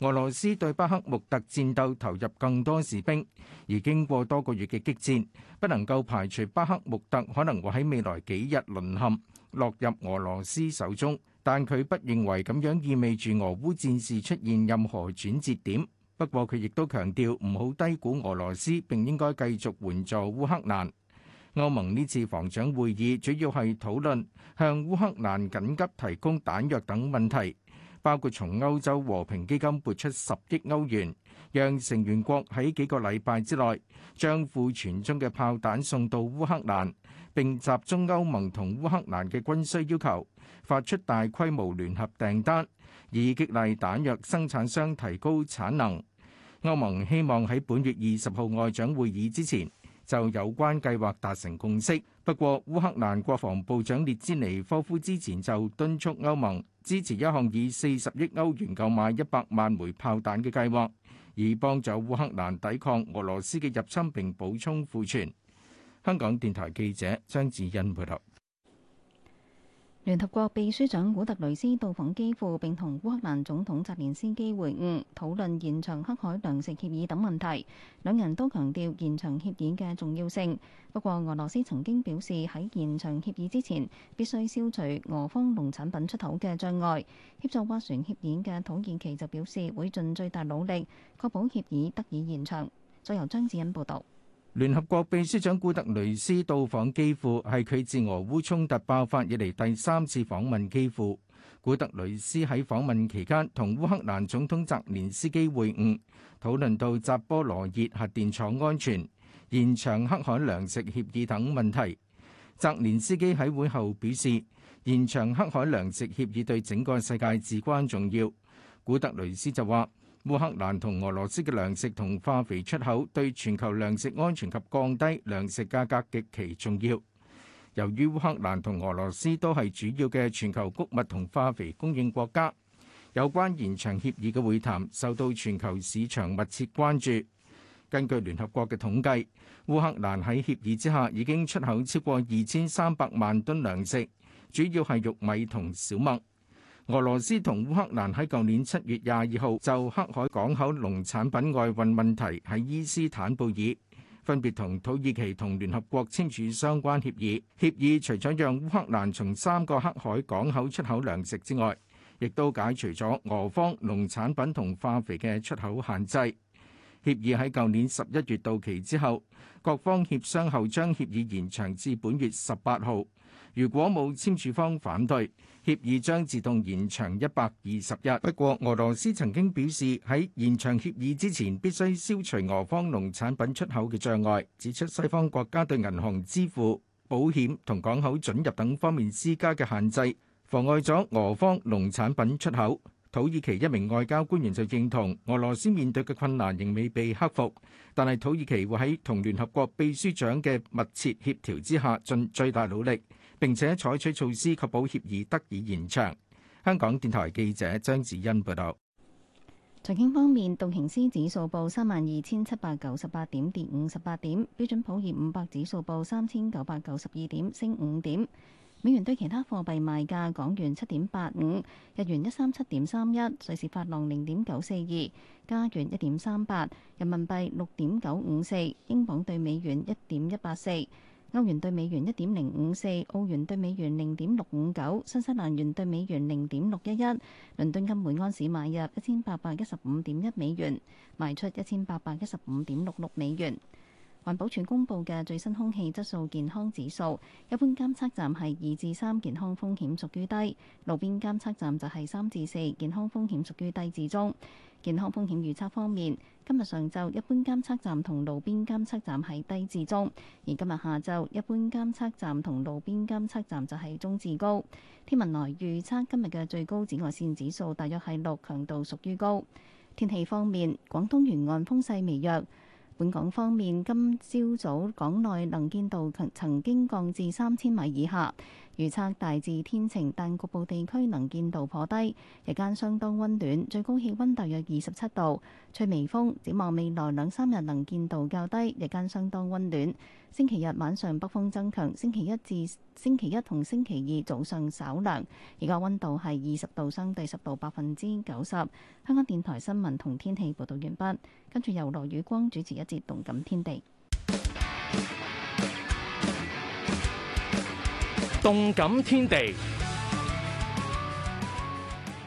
俄羅斯對巴克穆特戰鬥投入更多士兵，而經過多個月嘅激戰，不能夠排除巴克穆特可能會喺未來幾日淪陷，落入俄羅斯手中。但佢不認為咁樣意味住俄烏戰事出現任何轉折點。不過佢亦都強調唔好低估俄羅斯，並應該繼續援助烏克蘭。歐盟呢次防長會議主要係討論向烏克蘭緊急急提供彈藥等問題。包括從歐洲和平基金撥出十億歐元，讓成員國喺幾個禮拜之內將庫存中嘅炮彈送到烏克蘭，並集中歐盟同烏克蘭嘅軍需要求，發出大規模聯合訂單，以激勵彈藥生產商提高產能。歐盟希望喺本月二十號外長會議之前就有關計劃達成共識。不過，烏克蘭國防部長列茲尼科夫之前就敦促歐盟。支持一項以四十億歐元購買一百萬枚炮彈嘅計劃，以幫助烏克蘭抵抗俄羅斯嘅入侵並補充庫存。香港電台記者張志欣報道。聯合國秘書長古特雷斯到訪基輔並同烏克蘭總統澤連斯基會晤，討論延長黑海糧食協議等問題。兩人都強調延長協議嘅重要性。不過，俄羅斯曾經表示喺延長協議之前，必須消除俄方農產品出口嘅障礙。協助斡旋協議嘅土耳其就表示會盡最大努力確保協議得以延長。再由張子欣報導。聯合國秘書長古特雷斯到訪基輔，係佢自俄烏衝突爆發以嚟第三次訪問基輔。古特雷斯喺訪問期間同烏克蘭總統澤連斯基會晤，討論到扎波羅熱核電廠安全、延長黑海糧食協議等問題。澤連斯基喺會後表示，延長黑海糧食協議對整個世界至關重要。古特雷斯就話。烏克蘭同俄羅斯嘅糧食同化肥出口對全球糧食安全及降低糧食價格極其重要。由於烏克蘭同俄羅斯都係主要嘅全球穀物同化肥供應國家，有關延長協議嘅會談受到全球市場密切關注。根據聯合國嘅統計，烏克蘭喺協議之下已經出口超過二千三百萬噸糧食，主要係玉米同小麥。俄羅斯同烏克蘭喺舊年七月廿二號就黑海港口農產品外運問題喺伊斯坦布爾，分別同土耳其同聯合國簽署相關協議。協議除咗讓烏克蘭從三個黑海港口出口糧食之外，亦都解除咗俄方農產品同化肥嘅出口限制。協議喺舊年十一月到期之後，各方協商後將協議延長至本月十八號。如果冇簽署方反對，協議將自動延長一百二十日。不過，俄羅斯曾經表示，喺延長協議之前，必須消除俄方農產品出口嘅障礙，指出西方國家對銀行支付、保險同港口准入等方面施加嘅限制，妨礙咗俄方農產品出口。土耳其一名外交官員就認同，俄羅斯面對嘅困難仍未被克服，但係土耳其會喺同聯合國秘書長嘅密切協調之下，盡最大努力。並且採取措施確保協議得以延長。香港電台記者張子欣報道：財經方面，道瓊斯指數報三萬二千七百九十八點，跌五十八點；標準普爾五百指數報三千九百九十二點，升五點。美元對其他貨幣賣價：港元七點八五，日元一三七點三一，瑞士法郎零點九四二，加元一點三八，人民幣六點九五四，英鎊對美元一點一八四。歐元兌美元一點零五四，澳元兌美元零點六五九，新西蘭元兌美元零點六一一。倫敦金每安士買入一千八百一十五點一美元，賣出一千八百一十五點六六美元。環保署公布嘅最新空氣質素健康指數，一般監測站係二至三，健康風險屬於低；路邊監測站就係三至四，健康風險屬於低至中。健康風險預測方面，今日上晝一般監測站同路邊監測站係低至中，而今日下晝一般監測站同路邊監測站就係中至高。天文台預測今日嘅最高紫外線指數大約係六，強度屬於高。天氣方面，廣東沿岸風勢微弱。本港方面，今朝早港內能見度曾曾經降至三千米以下。預測大致天晴，但局部地區能見度頗低。日間相當溫暖，最高氣溫大約二十七度，吹微風。展望未來兩三日，能見度較低，日間相當溫暖。星期日晚上北風增強，星期一至星期一同星期二早上稍涼。而家溫度係二十度，相對濕度，百分之九十。香港電台新聞同天氣報道完畢。跟住由羅宇光主持一節《動感天地》。動感天地，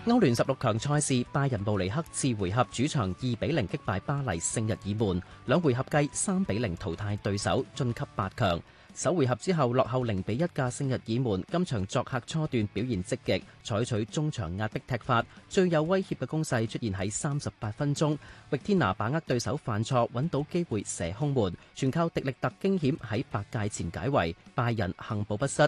歐聯十六強賽事，拜仁慕尼黑次回合主場二比零擊敗巴黎聖日耳門，兩回合計三比零淘汰對手晉級八強。首回合之後落後零比一嘅聖日耳門，今場作客初段表現積極，採取中場壓迫踢法，最有威脅嘅攻勢出現喺三十八分鐘，域天拿把握對手犯錯，揾到機會射空門，全靠迪力特驚險喺白界前解圍，拜仁幸保不失。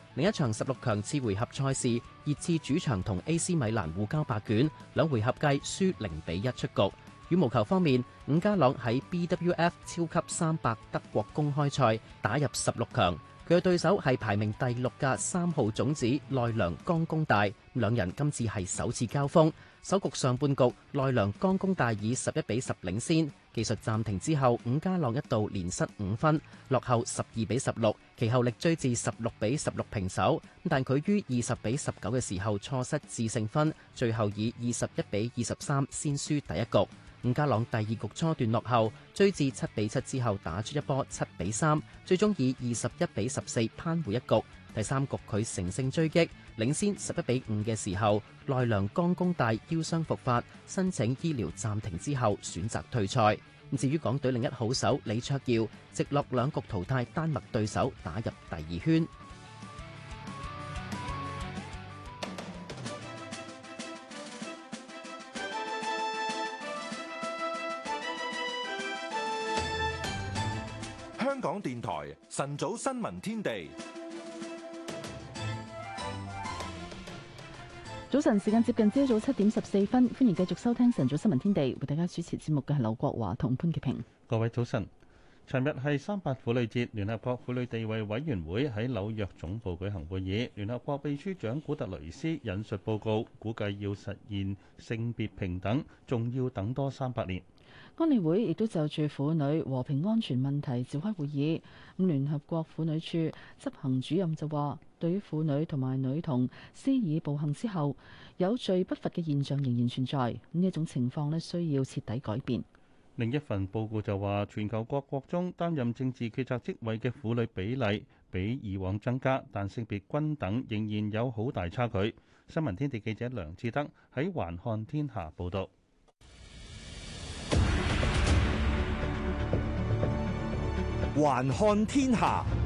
另一場十六強次回合賽事，熱刺主場同 A.C. 米蘭互交白卷，兩回合計輸零比一出局。羽毛球方面，伍家朗喺 BWF 超級三百德國公開賽打入十六強，佢嘅對手係排名第六嘅三號種子奈良岡功大，兩人今次係首次交鋒。首局上半局，奈良岡功大以十一比十領先。技術暫停之後，伍家朗一度連失五分，落後十二比十六，其後力追至十六比十六平手。但佢於二十比十九嘅時候錯失致勝分，最後以二十一比二十三先輸第一局。伍家朗第二局初段落後，追至七比七之後打出一波七比三，最終以二十一比十四扳回一局。第三局佢乘勝追擊，領先十一比五嘅時候，奈良岡功大腰傷復發，申請醫療暫停之後選擇退賽。咁至於港隊另一好手李卓耀，直落兩局淘汰丹麥對手，打入第二圈。香港電台晨早新聞天地。早晨，時間接近朝早七點十四分，歡迎繼續收聽晨早新聞天地，為大家主持節目嘅係劉國華同潘潔平。各位早晨。尋日係三八婦女節，聯合國婦女地位委員會喺紐約總部舉行會議，聯合國秘書長古特雷斯引述報告，估計要實現性別平等，仲要等多三百年。安理會亦都就住婦女和平安全問題召開會議，咁聯合國婦女處執行主任就話。對於婦女同埋女童施以暴行之後，有罪不罰嘅現象仍然存在，呢一種情況咧需要徹底改變。另一份報告就話，全球各國中擔任政治決策職位嘅婦女比例比以往增加，但性別均等仍然有好大差距。新聞天地記者梁志德，喺環看天下報導。環看天下。報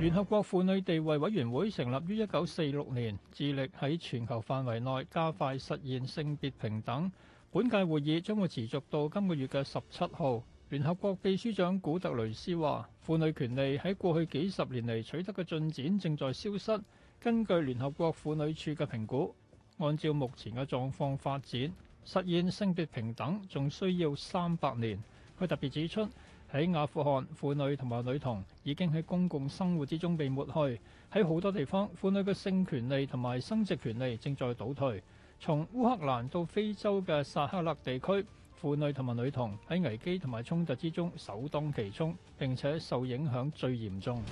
聯合國婦女地位委員會成立於一九四六年，致力喺全球範圍內加快實現性別平等。本屆會議將會持續到今個月嘅十七號。聯合國秘書長古特雷斯話婦女權利喺過去幾十年嚟取得嘅進展正在消失。根據聯合國婦女署嘅評估，按照目前嘅狀況發展，實現性別平等仲需要三百年。佢特別指出。喺阿富汗，婦女同埋女童已經喺公共生活之中被抹去。喺好多地方，婦女嘅性權利同埋生殖權利正在倒退。從烏克蘭到非洲嘅薩赫勒地區，婦女同埋女童喺危機同埋衝突之中首當其衝，並且受影響最嚴重。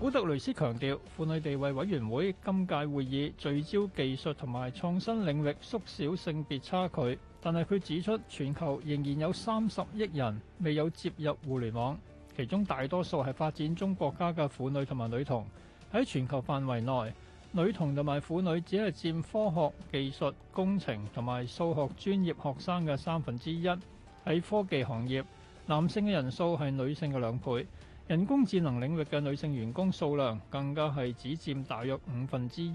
古特雷斯強調，婦女地位委員會今屆會議聚焦技術同埋創新領域，縮小性別差距。但係佢指出，全球仍然有三十億人未有接入互聯網，其中大多數係發展中國家嘅婦女同埋女童。喺全球範圍內，女童同埋婦女只係佔科學、技術、工程同埋數學專業學生嘅三分之一。喺科技行業，男性嘅人數係女性嘅兩倍。人工智能領域嘅女性員工數量更加係只佔大約五分之一。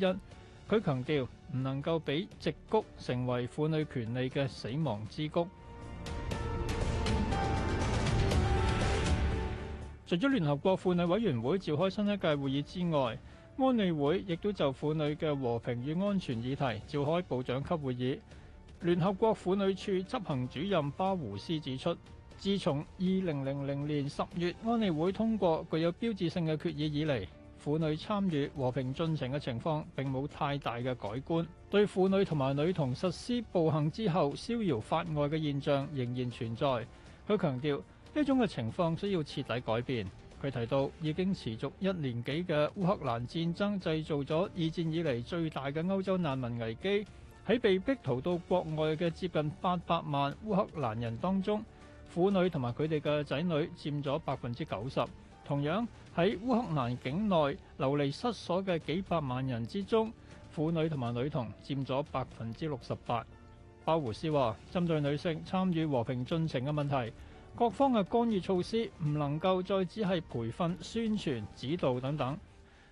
佢強調唔能夠俾直谷成為婦女權利嘅死亡之谷。 除咗聯合國婦女委員會召開新一屆會議之外，安理會亦都就婦女嘅和平與安全議題召開部長級會議。聯合國婦女處執行主任巴胡斯指出，自從二零零零年十月安理會通過具有標誌性嘅決議以嚟。婦女參與和平進程嘅情況並冇太大嘅改觀，對婦女同埋女童實施暴行之後逍遙法外嘅現象仍然存在。佢強調呢種嘅情況需要徹底改變。佢提到已經持續一年幾嘅烏克蘭戰爭，製造咗二戰以嚟最大嘅歐洲難民危機。喺被逼逃到國外嘅接近八百萬烏克蘭人當中，婦女同埋佢哋嘅仔女佔咗百分之九十。同樣，喺烏克蘭境內流離失所嘅幾百萬人之中，婦女同埋女童佔咗百分之六十八。巴胡斯話：針對女性參與和平進程嘅問題，各方嘅干預措施唔能夠再只係培訓、宣傳、指導等等。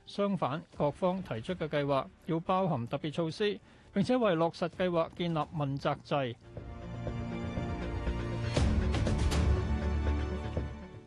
相反，各方提出嘅計劃要包含特別措施，並且為落實計劃建立問責制。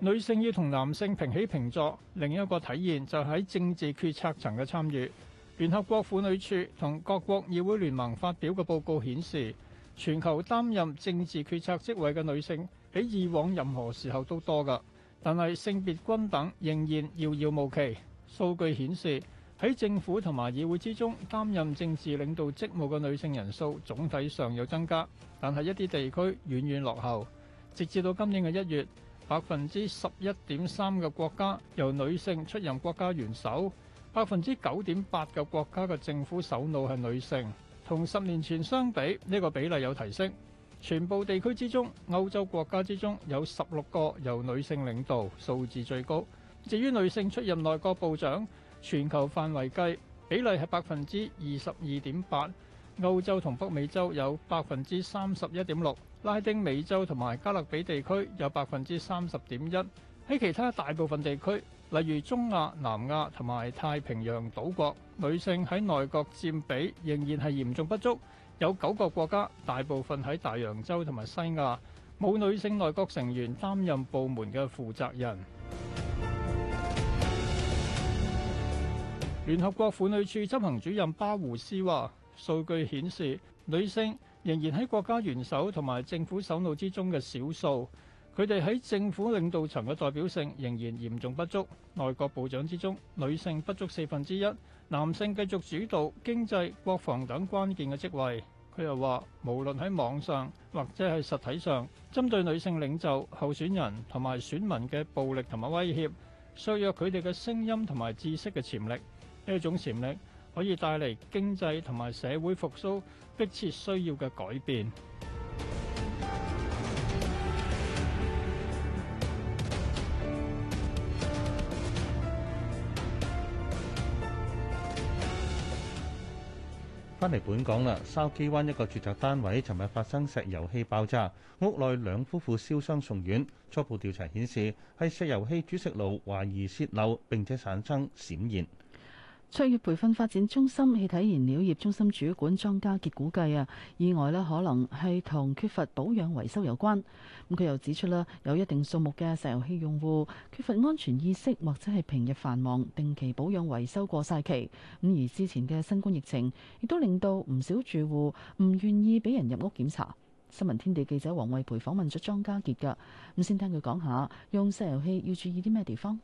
女性要同男性平起平坐，另一個體現就喺政治決策層嘅參與。聯合國婦女處同各國議會聯盟發表嘅報告顯示，全球擔任政治決策職位嘅女性，比以往任何時候都多噶，但係性別均等仍然遙遙無期。數據顯示，喺政府同埋議會之中擔任政治領導職務嘅女性人數總體上有增加，但係一啲地區遠遠落後，直至到今年嘅一月。百分之十一點三嘅國家由女性出任國家元首，百分之九點八嘅國家嘅政府首腦係女性，同十年前相比，呢個比例有提升。全部地區之中，歐洲國家之中有十六個由女性領導，數字最高。至於女性出任內閣部長，全球範圍計比例係百分之二十二點八，歐洲同北美洲有百分之三十一點六。拉丁美洲同埋加勒比地區有百分之三十點一，喺其他大部分地區，例如中亞、南亞同埋太平洋島國，女性喺內閣佔比仍然係嚴重不足。有九個國家，大部分喺大洋洲同埋西亞冇女性內閣成員擔任部門嘅負責人。聯合國婦女處執行主任巴胡斯話數據顯示女性，仍然喺國家元首同埋政府首腦之中嘅少數，佢哋喺政府領導層嘅代表性仍然嚴重不足。內閣部長之中，女性不足四分之一，男性繼續主導經濟、國防等關鍵嘅職位。佢又話：無論喺網上或者喺實體上，針對女性領袖候選人同埋選民嘅暴力同埋威脅，削弱佢哋嘅聲音同埋知識嘅潛力，呢一種潛力可以帶嚟經濟同埋社會復甦。迫切需要嘅改變。返嚟本港啦，筲箕灣一個住宅單位，尋日發生石油氣爆炸，屋內兩夫婦燒傷送院。初步調查顯示，係石油氣煮食爐懷疑泄漏並且產生閃燃。卓越培訓發展中心氣體燃料業中心主管莊家傑估計啊，意外呢可能係同缺乏保養維修有關。咁佢又指出啦，有一定數目嘅石油氣用戶缺乏安全意識，或者係平日繁忙，定期保養維修過晒期。咁而之前嘅新冠疫情，亦都令到唔少住戶唔願意俾人入屋檢查。新聞天地記者黃慧培訪問咗莊家傑噶，咁先聽佢講下用石油氣要注意啲咩地方。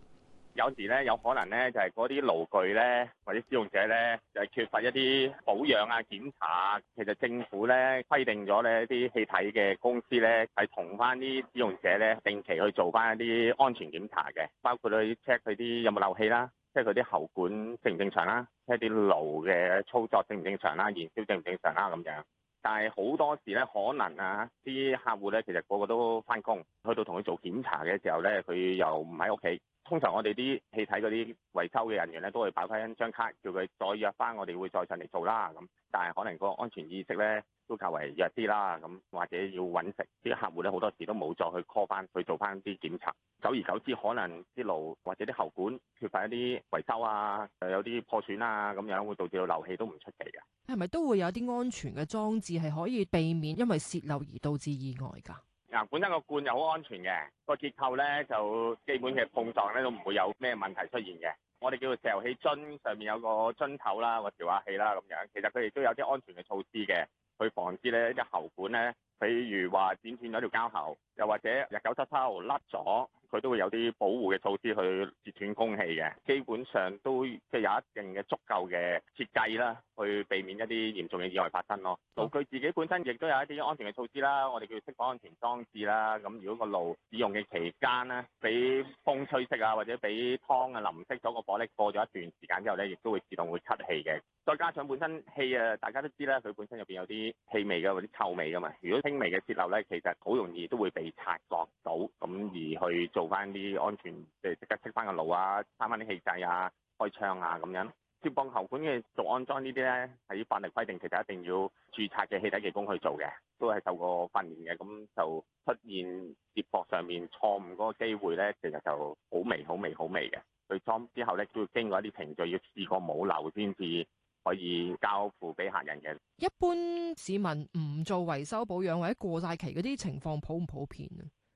有時咧有可能咧就係嗰啲爐具咧或者使用者咧就係缺乏一啲保養啊檢查。其實政府咧規定咗咧啲氣體嘅公司咧係同翻啲使用者咧定期去做翻一啲安全檢查嘅，包括去 check 佢啲有冇漏氣啦，即係佢啲喉管正唔正常啦，即係啲爐嘅操作正唔正常啦，燃燒正唔正常啦咁樣。但係好多時咧可能啊啲客戶咧其實個個都翻工，去到同佢做檢查嘅時候咧佢又唔喺屋企。通常我哋啲氣體嗰啲維修嘅人員咧，都會擺翻一張卡，叫佢再約翻我哋會再上嚟做啦。咁，但係可能個安全意識咧都較為弱啲啦。咁或者要揾食啲客戶咧，好多時都冇再去 call 翻去做翻啲檢查。久而久之，可能啲路或者啲喉管缺乏一啲維修啊，誒有啲破損啊，咁樣會導致到漏氣都唔出奇嘅。係咪都會有啲安全嘅裝置係可以避免因為洩漏而導致意外噶？嗱，本身個罐又好安全嘅，個結構咧就基本嘅碰撞咧都唔會有咩問題出現嘅。我哋叫做石油氣樽，上面有個樽頭啦，個調壓器啦咁樣，其實佢哋都有啲安全嘅措施嘅，去防止咧啲喉管咧，譬如話剪斷咗條膠喉，又或者日久失修甩咗。佢都會有啲保護嘅措施去截斷供氣嘅，基本上都即係有一定嘅足夠嘅設計啦，去避免一啲嚴重嘅意外發生咯。爐具、嗯、自己本身亦都有一啲安全嘅措施啦，我哋叫釋放安全裝置啦。咁如果個爐使用嘅期間呢，俾風吹熄啊，或者俾湯啊淋熄咗個火力，過咗一段時間之後呢，亦都會自動會出氣嘅。再加上本身氣啊，大家都知啦，佢本身入邊有啲氣味嘅，嗰啲臭味噶嘛。如果輕微嘅泄漏呢，其實好容易都會被察覺到，咁而去做翻啲安全，即係即刻熄翻個爐啊，閂翻啲氣掣啊，開窗啊咁樣。接防喉管嘅做安裝呢啲咧，喺法例規定其實一定要註冊嘅氣體技工去做嘅，都係受過訓練嘅，咁就出現接駁上面錯誤嗰個機會咧，其實就好微、好微、好微嘅。佢裝之後咧，都要經過一啲程序，要試過冇漏先至可以交付俾客人嘅。一般市民唔做維修保養或者過晒期嗰啲情況，普唔普遍？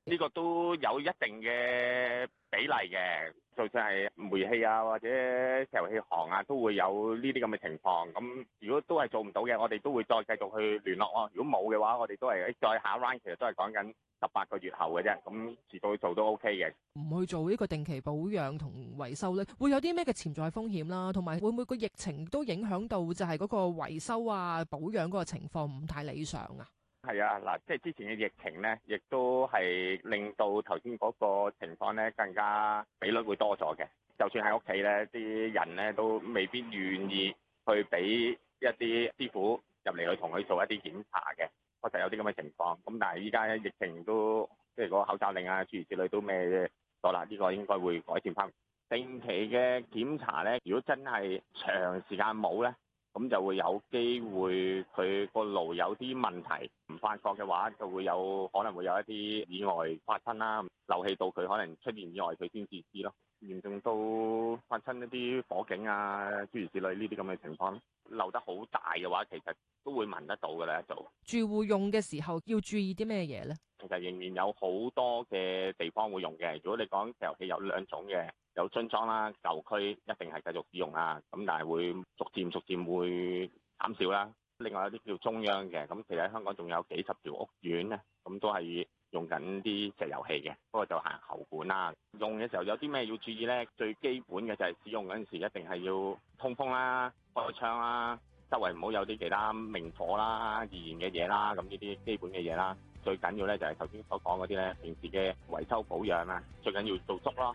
呢個都有一定嘅比例嘅，就算係煤氣啊或者石油氣行啊，都會有呢啲咁嘅情況。咁如果都係做唔到嘅，我哋都會再繼續去聯絡咯。如果冇嘅話，我哋都係再下一 round，其實都係講緊十八個月後嘅啫。咁遲早做都 OK 嘅。唔去做呢個定期保養同維修呢，會有啲咩嘅潛在風險啦？同埋會唔會個疫情都影響到就係嗰個維修啊保養嗰個情況唔太理想啊？係啊，嗱，即係之前嘅疫情咧，亦都係令到頭先嗰個情況咧更加比率會多咗嘅。就算喺屋企咧，啲人咧都未必願意去俾一啲師傅入嚟去同佢做一啲檢查嘅，確實有啲咁嘅情況。咁但係依家咧疫情都即係嗰口罩令啊，諸如此類都咩多啦，呢個應該會改善翻。定期嘅檢查咧，如果真係長時間冇咧。咁、嗯、就會有機會佢個爐有啲問題，唔發覺嘅話，就會有可能會有一啲意外發生啦。漏氣到佢可能出現意外，佢先至知咯。嚴重到發生一啲火警啊，諸如此類呢啲咁嘅情況。漏得好大嘅話，其實都會聞得到㗎喇，做。住戶用嘅時候要注意啲咩嘢咧？其實仍然有好多嘅地方會用嘅。如果你講石油氣，有兩種嘅。有樽裝啦，舊區一定係繼續使用啦。咁但係會逐漸逐漸會減少啦。另外有啲叫中央嘅，咁其實香港仲有幾十條屋苑咧，咁都係用緊啲石油氣嘅。不過就行喉管啦，用嘅時候有啲咩要注意呢？最基本嘅就係使用嗰陣時一定係要通風啦，開窗啦，周圍唔好有啲其他明火啦、易燃嘅嘢啦，咁呢啲基本嘅嘢啦。最緊要呢就係頭先所講嗰啲呢，平時嘅維修保養啦，最緊要做足咯。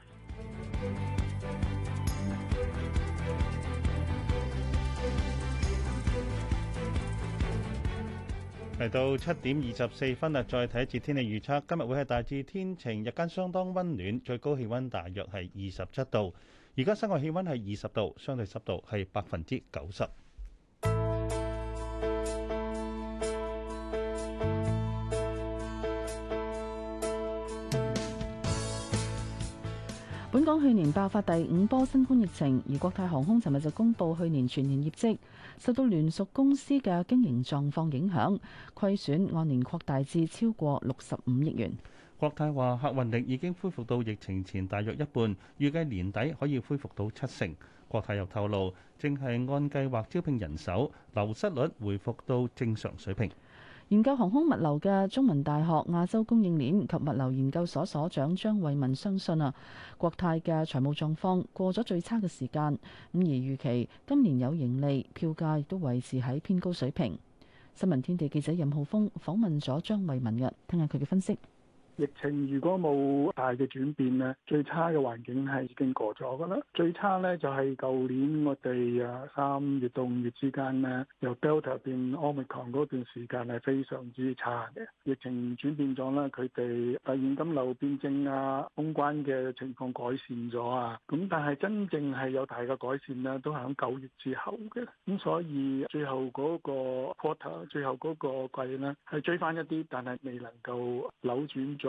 嚟到七點二十四分啦，再睇一次天氣預測。今日會係大致天晴，日間相當溫暖，最高氣溫大約係二十七度。而家室外氣溫係二十度，相對濕度係百分之九十。去年爆發第五波新冠疫情，而國泰航空尋日就公布去年全年業績，受到聯屬公司嘅經營狀況影響，虧損按年擴大至超過六十五億元。國泰話客運力已經恢復到疫情前大約一半，預計年底可以恢復到七成。國泰又透露，正係按計劃招聘人手，流失率回復到正常水平。研究航空物流嘅中文大學亞洲供應鏈及物流研究所所長張慧文相信啊，國泰嘅財務狀況過咗最差嘅時間，咁而預期今年有盈利，票價亦都維持喺偏高水平。新聞天地記者任浩峰訪問咗張慧文嘅，聽下佢嘅分析。疫情如果冇大嘅轉變咧，最差嘅環境係已經過咗㗎啦。最差咧就係舊年我哋啊三月到五月之間咧，由 Delta 變 Omicron 嗰段時間係非常之差嘅。疫情轉變咗啦，佢哋發現金流變正啊，封關嘅情況改善咗啊。咁但係真正係有大嘅改善啦，都係響九月之後嘅。咁所以最後嗰個 quarter，最後嗰個季咧係追翻一啲，但係未能夠扭轉咗。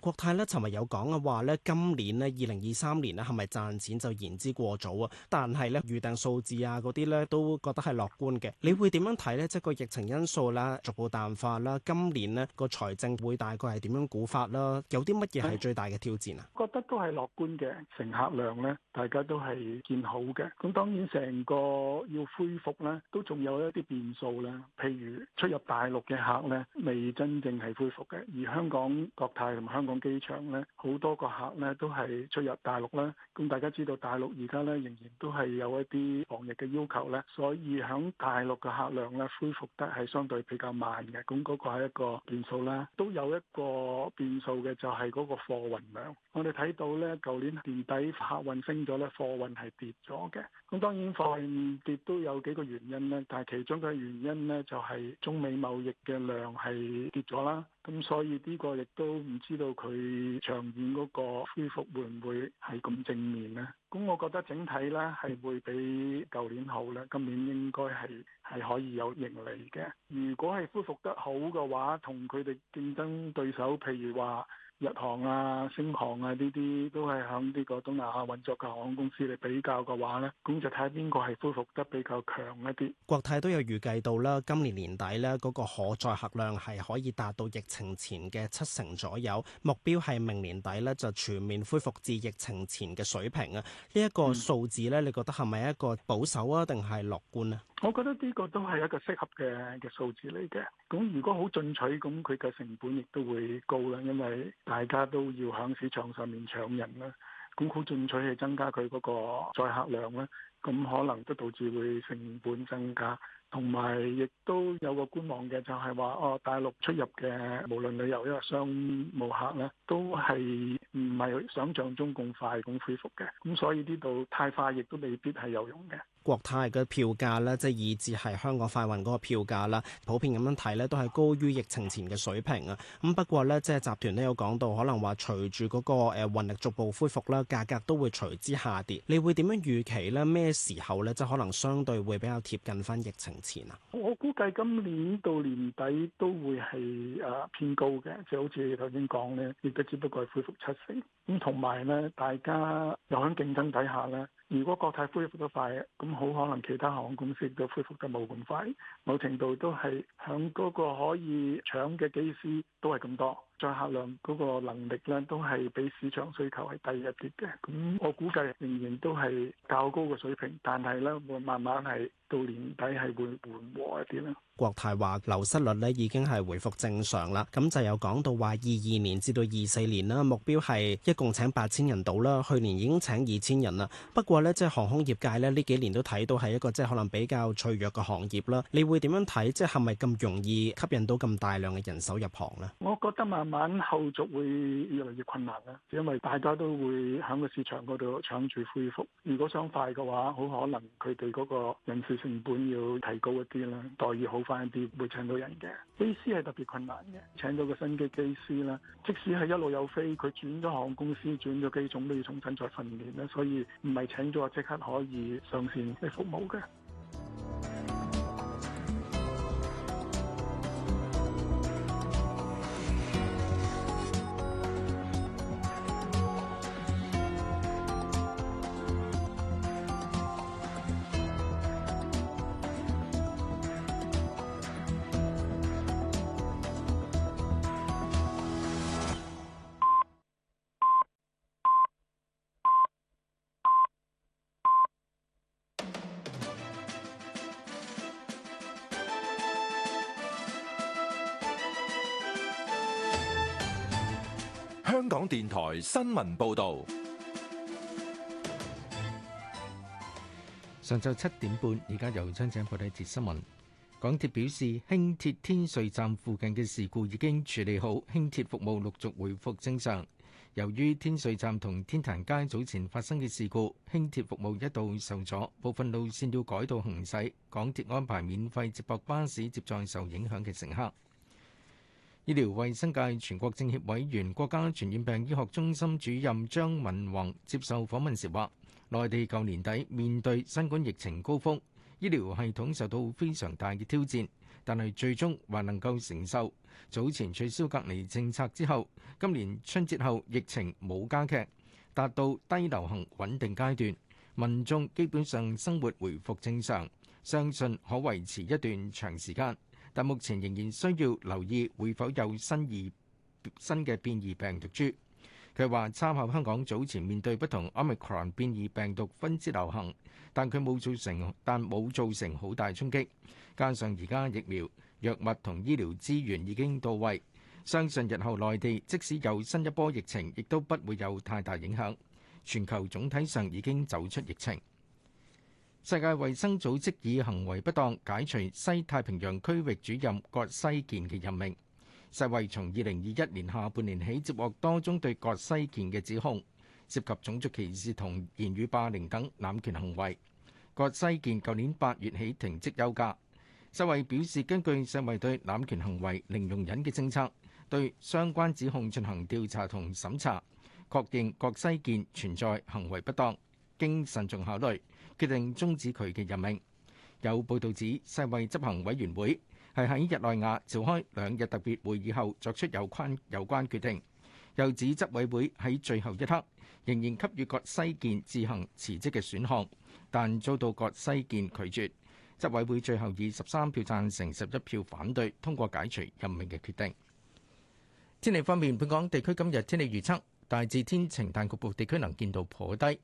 國泰咧，尋日有講嘅話咧，今年咧二零二三年咧，係咪賺錢就言之過早啊？但係咧預訂數字啊，嗰啲咧都覺得係樂觀嘅。你會點樣睇咧？即係個疫情因素啦，逐步淡化啦，今年咧個財政會大概係點樣估法啦？有啲乜嘢係最大嘅挑戰啊？覺得都係樂觀嘅，乘客量咧大家都係見好嘅。咁當然成個要恢復咧，都仲有一啲變數啦。譬如出入大陸嘅客咧，未真正係恢復嘅，而香港國泰同香港港機場咧，好多個客咧都係出入大陸啦。咁大家知道大陸而家咧仍然都係有一啲防疫嘅要求咧，所以喺大陸嘅客量咧恢復得係相對比較慢嘅。咁嗰個係一個變數啦。都有一個變數嘅就係嗰個貨運量。我哋睇到咧，舊年年底客運升咗咧，貨運係跌咗嘅。咁當然貨運跌都有幾個原因啦，但係其中嘅原因咧就係中美貿易嘅量係跌咗啦。咁所以呢個亦都唔知道佢長遠嗰個恢復會唔會係咁正面咧？咁我覺得整體咧，係會比舊年好咧，今年應該係係可以有盈利嘅。如果係恢復得好嘅話，同佢哋競爭對手譬如話日航啊、星航啊呢啲都係響呢個東南亞運作嘅航空公司嚟比較嘅話呢，咁就睇下邊個係恢復得比較強一啲。國泰都有預計到啦，今年年底呢嗰、嗰個可載客量係可以達到疫情前嘅七成左右，目標係明年底呢就全面恢復至疫情前嘅水平啊。呢、呢、一個數字呢，你覺得係咪一個保守啊，定係樂觀啊？我覺得呢個都係一個適合嘅嘅數字嚟嘅。咁如果好進取，咁佢嘅成本亦都會高啦，因為。大家都要響市場上面搶人啦，咁好進取去增加佢嗰個載客量啦，咁可能都導致會成本增加，同埋亦都有個觀望嘅就係話哦，大陸出入嘅無論旅遊抑或商務客咧，都係唔係想像中咁快咁恢復嘅，咁所以呢度太快亦都未必係有用嘅。國泰嘅票價咧，即係以至係香港快運嗰個票價啦，普遍咁樣睇咧，都係高於疫情前嘅水平啊！咁不過咧，即係集團都有講到，可能話隨住嗰個誒運力逐步恢復咧，價格都會隨之下跌。你會點樣預期咧？咩時候咧，即係可能相對會比較貼近翻疫情前啊？我估計今年到年底都會係誒、啊、偏高嘅，就好似你頭先講咧，亦都只不過係恢復七成咁，同埋咧，大家又喺競爭底下咧。如果國泰恢復得快，咁好可能其他航空公司都恢復得冇咁快，某程度都係喺嗰個可以搶嘅機師都係咁多。再載客量嗰個能力咧，都係比市場需求係低一啲嘅。咁我估計仍然都係較高嘅水平，但係咧會慢慢係到年底係會緩和一啲啦。國泰話流失率咧已經係回復正常啦。咁就有講到話二二年至到二四年啦，目標係一共請八千人到啦。去年已經請二千人啦。不過咧，即係航空業界咧呢幾年都睇到係一個即係可能比較脆弱嘅行業啦。你會點樣睇？即係係咪咁容易吸引到咁大量嘅人手入行咧？我覺得啊。晚後續會越嚟越困難啦，因為大家都會喺個市場嗰度搶住恢復。如果想快嘅話，好可能佢哋嗰個人事成本要提高一啲啦，待遇好返一啲，會請到人嘅。機師係特別困難嘅，請到個新機機師啦，即使係一路有飛，佢轉咗航空公司，轉咗機種都要重新再訓練啦，所以唔係請咗即刻可以上線去服務嘅。新聞報道。上晝七點半，而家由張姐帶你睇節新聞。港鐵表示，輕鐵天瑞站附近嘅事故已經處理好，輕鐵服務陸續回復正常。由於天瑞站同天壇街早前發生嘅事故，輕鐵服務一度受阻，部分路綫要改道行駛。港鐵安排免費接駁巴士接載受影響嘅乘客。醫療衛生界全國政協委員、國家傳染病醫學中心主任張文宏接受訪問時話，內地舊年底面對新冠疫情高峰，醫療系統受到非常大嘅挑戰，但係最終還能夠承受。早前取消隔離政策之後，今年春節後疫情冇加劇，達到低流行穩定階段，民眾基本上生活回復正常，相信可維持一段長時間。但目前仍然需要留意會否有新異新嘅變異病毒株。佢話參考香港早前面對不同 Omicron 變異病毒分支流行，但佢冇造成但冇造成好大衝擊。加上而家疫苗、藥物同醫療資源已經到位，相信日後內地即使有新一波疫情，亦都不會有太大影響。全球總體上已經走出疫情。世界衛生組織以行為不當解除西太平洋區域主任葛西健嘅任命。世衛從2021年下半年起接獲多宗對葛西健嘅指控，涉及種族歧視同言語霸凌等濫權行為。葛西健舊年八月起停職休假。世衛表示，根據世衛對濫權行為零容忍嘅政策，對相關指控進行調查同審查，確認葛西健存在行為不當。經慎重考慮，決定終止佢嘅任命。有報道指，世衛執行委員會係喺日內瓦召開兩日特別會議後作出有關有關決定。又指，執委會喺最後一刻仍然給予葛西健自行辭職嘅選項，但遭到葛西健拒絕。執委會最後以十三票贊成、十一票反對通過解除任命嘅決定。天氣方面，本港地區今日天氣預測大致天晴，但局部地區能見度頗低。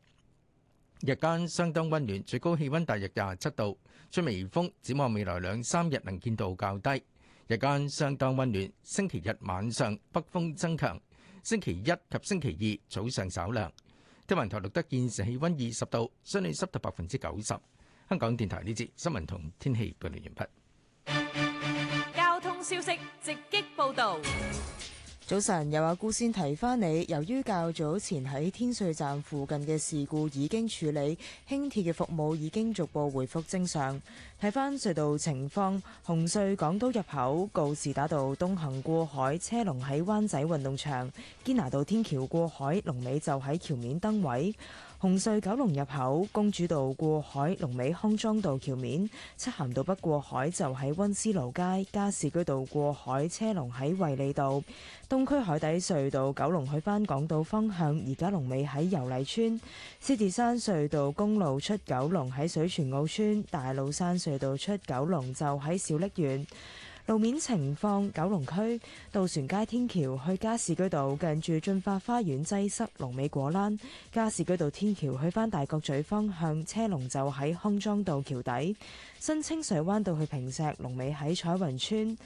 日間相當溫暖，最高氣溫大約廿七度，吹微風。展望未來兩三日，能見度較低。日間相當溫暖，星期日晚上北風增強，星期一及星期二早上稍涼。天文台錄得現時氣溫二十度，相對濕度百分之九十。香港電台呢節新聞同天氣報告完畢。交通消息直擊報道。早晨，有阿姑先提翻你，由於較早前喺天瑞站附近嘅事故已經處理，輕鐵嘅服務已經逐步回復正常。睇翻隧道情況，紅隧港島入口告士打道東行過海車龍喺灣仔運動場，堅拿道天橋過海龍尾就喺橋面燈位。洪隧九龍入口、公主道過海、龍尾康莊道橋面、漆咸道不過海就喺溫思勞街、加士居道過海車龍喺惠利道、東區海底隧道九龍去返港島方向而家龍尾喺油麗邨、獅子山隧道公路出九龍喺水泉澳邨、大老山隧道出九龍就喺小瀝源。路面情況：九龍區渡船街天橋去加士居道近住駿發花園擠塞，龍尾果欄；加士居道天橋去返大角咀方向車龍就喺康莊道橋底；新清水灣道去坪石龍尾喺彩雲村。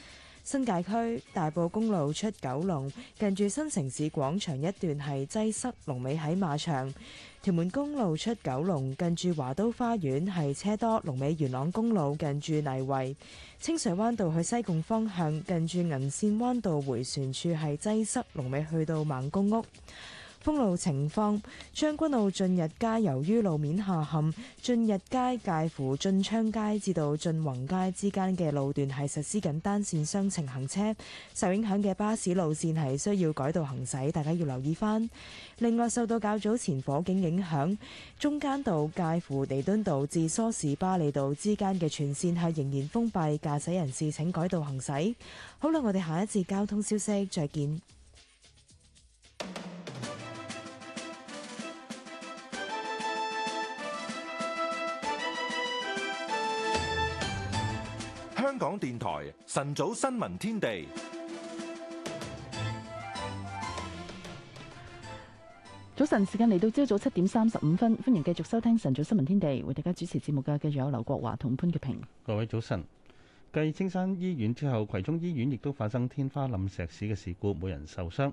新界區大埔公路出九龍近住新城市廣場一段係擠塞，龍尾喺馬場。屯門公路出九龍，近住華都花園係車多；龍尾元朗公路近住泥圍，清水灣道去西貢方向近住銀線灣道回旋處係擠塞；龍尾去到猛公屋。公路情況，將軍澳駿日街由於路面下陷，駿日街介乎駿昌街至到駿宏街之間嘅路段係實施緊單線雙程行車，受影響嘅巴士路線係需要改道行駛，大家要留意翻。另外，受到較早前火警影響，中間道介乎彌敦道至梳士巴利道之間嘅全線係仍然封閉，駕駛人士請改道行駛。好啦，我哋下一次交通消息再見。香港電台晨早新聞天地，早晨，時間嚟到朝早七點三十五分，歡迎繼續收聽晨早新聞天地，為大家主持節目嘅繼續有劉國華同潘潔平。各位早晨，繼青山醫院之後，葵涌醫院亦都發生天花冧石屎嘅事故，冇人受傷。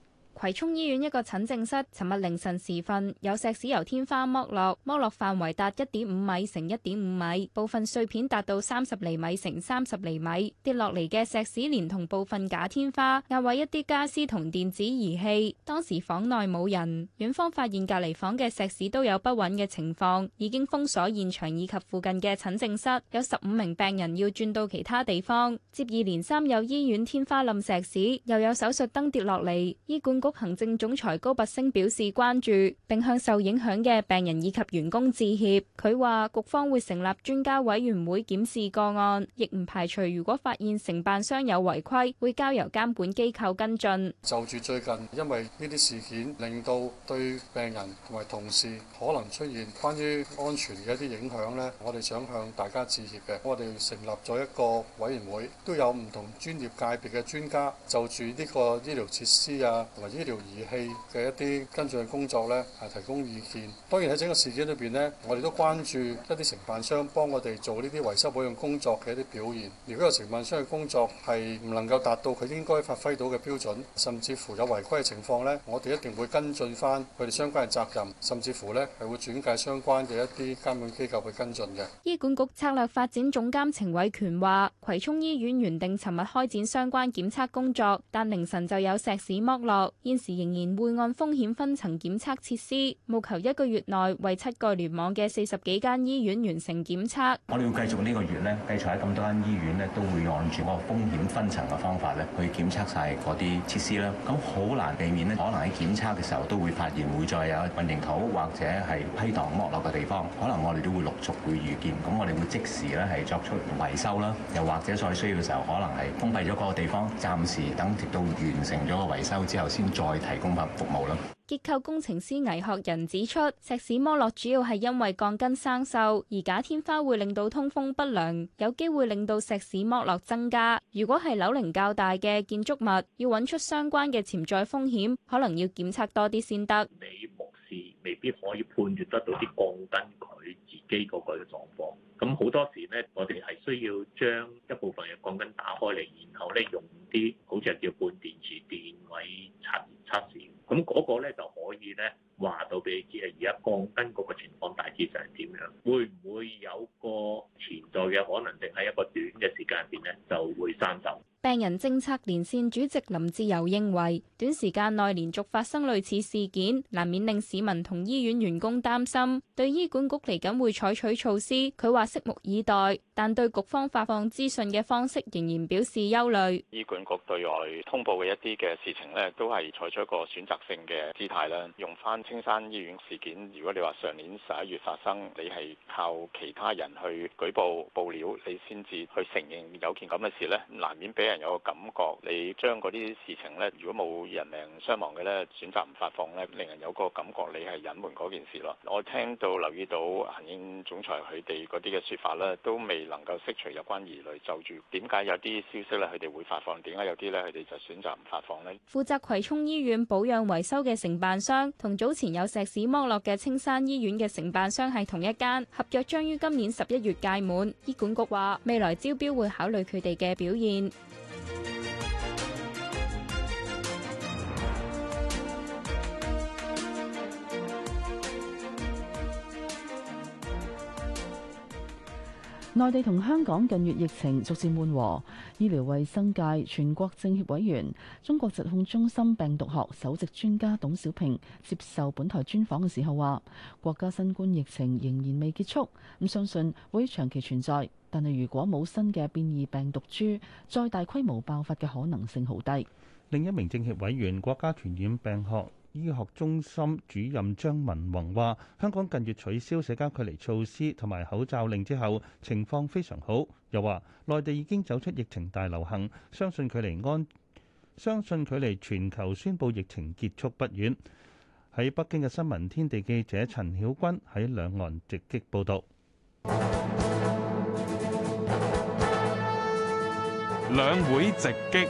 葵涌醫院一個診症室，尋日凌晨時分有石屎由天花剝落，剝落範圍達一點五米乘一點五米，部分碎片達到三十厘米乘三十厘米。跌落嚟嘅石屎連同部分假天花壓毀一啲家私同電子儀器。當時房內冇人，院方發現隔籬房嘅石屎都有不穩嘅情況，已經封鎖現場以及附近嘅診症室，有十五名病人要轉到其他地方。接二連三有醫院天花冧石屎，又有手術燈跌落嚟，醫管局行政總裁高拔升表示關注，並向受影響嘅病人以及員工致歉。佢話局方會成立專家委員會檢視個案，亦唔排除如果發現承辦商有違規，會交由監管機構跟進。就住最近因為呢啲事件，令到對病人同埋同事可能出現關於安全嘅一啲影響咧，我哋想向大家致歉嘅。我哋成立咗一個委員會，都有唔同專業界別嘅專家就住呢個醫療設施啊醫療儀器嘅一啲跟進嘅工作呢，係提供意見。當然喺整個事件裏邊呢，我哋都關注一啲承辦商幫我哋做呢啲維修保養工作嘅一啲表現。如果有承辦商嘅工作係唔能夠達到佢應該發揮到嘅標準，甚至乎有違規嘅情況呢，我哋一定會跟進翻佢哋相關嘅責任，甚至乎呢係會轉介相關嘅一啲監管機構去跟進嘅。醫管局策略發展總監程偉權話，葵涌醫院原定尋日開展相關檢測工作，但凌晨就有石屎剝落。現時仍然會按風險分層檢測設施，務求一個月內為七個聯網嘅四十幾間醫院完成檢測。我哋要繼續呢個月呢，繼續喺咁多間醫院呢，都會按住嗰個風險分層嘅方法咧，去檢測晒嗰啲設施啦。咁好難避免呢，可能喺檢測嘅時候都會發現會再有混凝土，或者係批盪剝落嘅地方，可能我哋都會陸續會遇見。咁我哋會即時咧係作出維修啦，又或者再需要嘅時候，可能係封閉咗嗰個地方，暫時等直到完成咗個維修之後先。再提供份服務啦。結構工程師危學仁指出，石屎剝落主要係因為鋼筋生銹，而假天花會令到通風不良，有機會令到石屎剝落增加。如果係樓齡較大嘅建築物，要揾出相關嘅潛在風險，可能要檢測多啲先得。未必可以判斷得到啲鋼筋佢自己嗰個嘅狀況。咁好多時咧，我哋係需要將一部分嘅鋼筋打開嚟，然後咧用啲好似係叫半電池電位測測試。咁嗰個咧就可以咧話到俾你知，係而家鋼筋嗰個情況大致上係點樣？會唔會有個潛在嘅可能性喺一個短嘅時間入邊咧就會生鏽？」病人政策連線主席林志友認為，短時間內連續發生類似事件，難免令市民同醫院員工擔心。對醫管局嚟緊會採取措施，佢話拭目以待，但對局方發放資訊嘅方式仍然表示憂慮。醫管局對外通報嘅一啲嘅事情咧，都係採取一個選擇性嘅姿態啦。用翻青山醫院事件，如果你話上年十一月發生，你係靠其他人去舉報報料，你先至去承認有件咁嘅事咧，難免俾。有人有個感覺，你將嗰啲事情呢，如果冇人命傷亡嘅呢，選擇唔發放呢，令人有個感覺你係隱瞞嗰件事咯。我聽到留意到行政總裁佢哋嗰啲嘅説法呢，都未能夠釋除有關疑慮。就住點解有啲消息咧，佢哋會發放？點解有啲呢，佢哋就選擇唔發放呢？負責葵涌醫院保養維修嘅承辦商同早前有石屎剝落嘅青山醫院嘅承辦商係同一間，合約將於今年十一月屆滿。醫管局話未來招標會考慮佢哋嘅表現。內地同香港近月疫情逐漸緩和，醫療衛生界全國政協委員、中國疾控中心病毒學首席專家董小平接受本台專訪嘅時候話：國家新冠疫情仍然未結束，唔相信會長期存在。但係如果冇新嘅變異病毒株，再大規模爆發嘅可能性好低。另一名政協委員、國家傳染病學醫學中心主任張文宏話，香港近月取消社交距離措施同埋口罩令之後，情況非常好。又話內地已經走出疫情大流行，相信距離安相信距離全球宣布疫情結束不遠。喺北京嘅新聞天地記者陳曉君喺兩岸直擊報道。兩會直擊。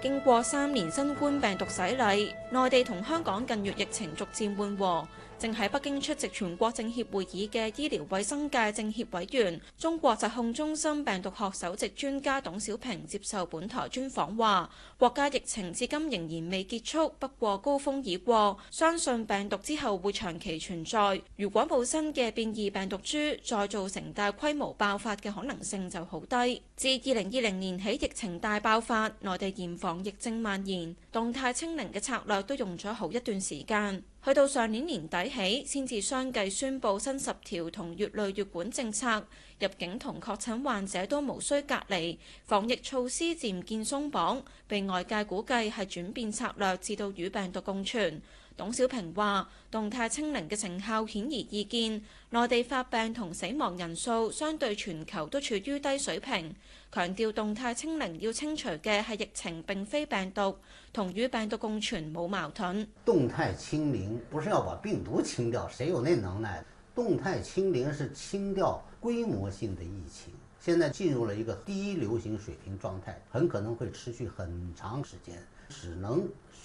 經過三年新冠病毒洗禮，內地同香港近月疫情逐漸緩和。正喺北京出席全國政協會議嘅醫療衛生界政協委員、中國疾控中心病毒學首席專家董小平接受本台專訪話：國家疫情至今仍然未結束，不過高峰已過，相信病毒之後會長期存在。如果冇新嘅變異病毒株，再造成大規模爆發嘅可能性就好低。自二零二零年起，疫情大爆發，內地嚴防疫症蔓延，動態清零嘅策略都用咗好一段時間。去到上年年底起，先至相繼宣布新十條同乙類乙管政策，入境同確診患者都無需隔離，防疫措施漸見鬆綁，被外界估計係轉變策略，至到與病毒共存。董小平話：動態清零嘅成效顯而易見，內地發病同死亡人數相對全球都處於低水平。強調動態清零要清除嘅係疫情，並非病毒，同與病毒共存冇矛盾。動態清零不是要把病毒清掉，誰有那能耐？動態清零是清掉規模性的疫情，現在進入了一個低流行水平狀態，很可能會持續很長時間，只能。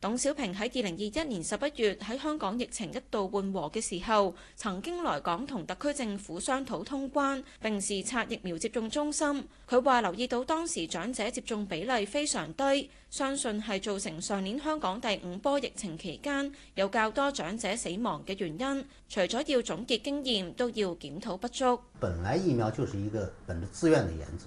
董小平喺二零二一年十一月喺香港疫情一度緩和嘅時候，曾經來港同特區政府商討通關並視察疫苗接種中心。佢話留意到當時長者接種比例非常低，相信係造成上年香港第五波疫情期間有較多長者死亡嘅原因。除咗要總結經驗，都要檢討不足。本來疫苗就是一個本着自願的原則。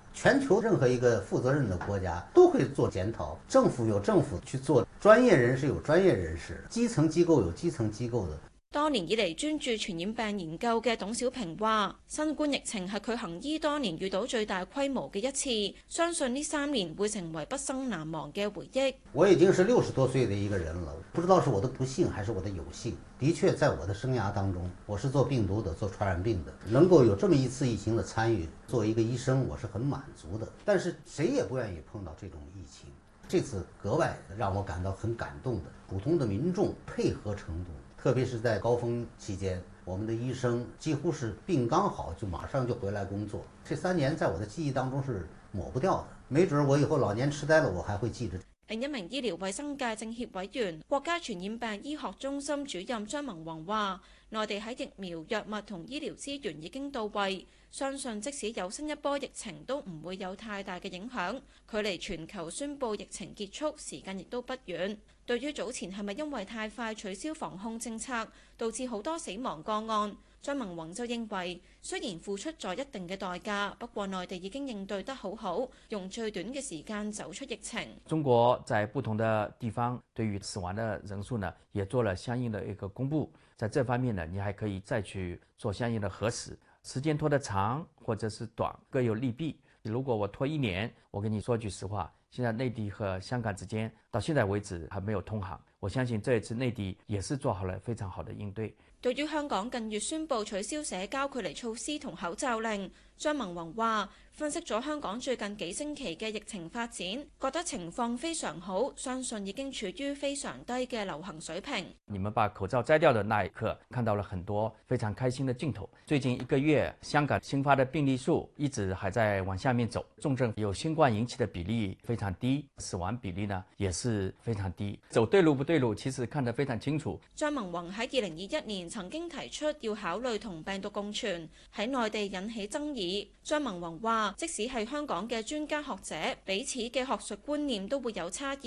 全球任何一個負責任的國家都會做檢討，政府有政府去做，專業人士有專業人士，基層機構有基層機構的。多年以嚟專注傳染病研究嘅董小平話，新冠疫情係佢行醫多年遇到最大規模嘅一次，相信呢三年會成為畢生難忘嘅回憶。我已經是六十多歲嘅一個人了，不知道是我的不幸還是我的有幸。的確，在我的生涯當中，我是做病毒的，做傳染病的，能夠有這麼一次疫情的參與，作為一個醫生，我是很滿足的。但是誰也不願意碰到這種疫情，這次格外讓我感到很感動的，普通的民眾配合程度。特別是在高峰期間，我們的醫生幾乎是病剛好就馬上就回來工作。這三年在我的記憶當中是抹不掉的，沒準我以後老年癡呆了，我還會記着。另一名醫療衛生界政協委員、國家傳染病醫學中心主任張文宏話：內地喺疫苗、藥物同醫療資源已經到位，相信即使有新一波疫情都唔會有太大嘅影響。距離全球宣布疫情結束時間亦都不遠。對於早前係咪因為太快取消防控政策，導致好多死亡個案？張文宏就認為，雖然付出咗一定嘅代價，不過內地已經應對得好好，用最短嘅時間走出疫情。中國在不同的地方，對於死亡的人數呢，也做了相應的一個公布。在這方面呢，你還可以再去做相應的核實。時間拖得長或者是短，各有利弊。如果我拖一年，我跟你說句實話。現在內地和香港之間到現在為止還沒有通航，我相信這一次內地也是做好了非常好的應對。對於香港近月宣布取消社交距離措施同口罩令，張文宏話：分析咗香港最近幾星期嘅疫情發展，覺得情況非常好，相信已經處於非常低嘅流行水平。你們把口罩摘掉的那一刻，看到了很多非常開心的鏡頭。最近一個月，香港新發的病例數一直還在往下面走，重症由新冠引起的比例非常低，死亡比例呢也是非常低。走對路不對路，其實看得非常清楚。張文宏喺二零二一年曾經提出要考慮同病毒共存，喺內地引起爭議。張文宏話。即使係香港嘅專家學者，彼此嘅學術觀念都會有差異，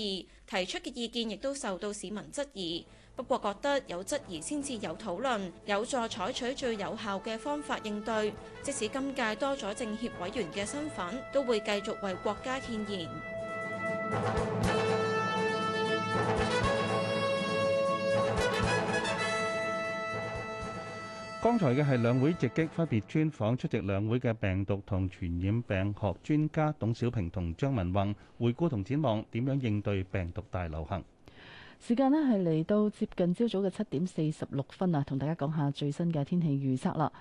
提出嘅意見亦都受到市民質疑。不過覺得有質疑先至有討論，有助採取最有效嘅方法應對。即使今屆多咗政協委員嘅身份，都會繼續為國家獻言。 剛才嘅係兩會直擊，分別專訪出席兩會嘅病毒同傳染病學專家董小平同張文宏，回顧同展望點樣應對病毒大流行。時間呢係嚟到接近朝早嘅七點四十六分啊，同大家講下最新嘅天氣預測啦。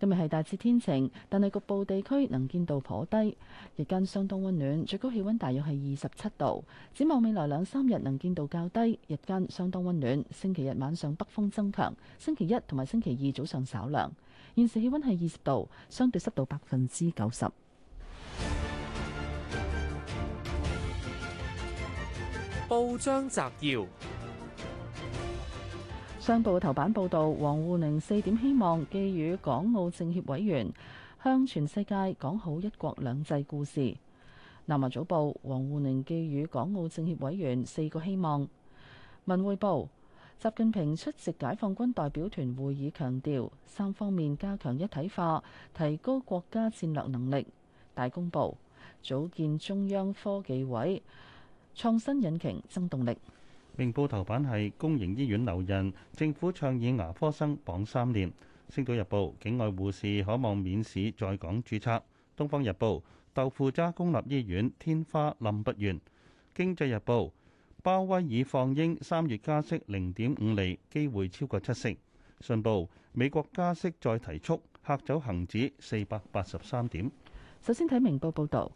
今日係大致天晴，但係局部地區能見度頗低。日間相當溫暖，最高氣溫大約係二十七度。展望未來兩三日能見度較低，日間相當溫暖。星期日晚上北風增強，星期一同埋星期二早上稍涼。現時氣溫係二十度，相對濕度百分之九十。報章摘要。商報頭版報導，王滬寧四點希望寄予港澳政協委員，向全世界講好一國兩制故事。南華早報，王滬寧寄予港澳政協委員四個希望。文匯報，習近平出席解放軍代表團會議，強調三方面加強一體化，提高國家戰略能力。大公報，組建中央科技委，創新引擎增動力。明報頭版係公營醫院留人，政府倡議牙科生綁三年。星島日報，境外護士可望免試在港註冊。東方日報，豆腐渣公立醫院天花冧不完。經濟日報，鮑威爾放鷹，三月加息零點五釐機會超過七成。信報，美國加息再提速，嚇走恆指四百八十三點。首先睇明報報導。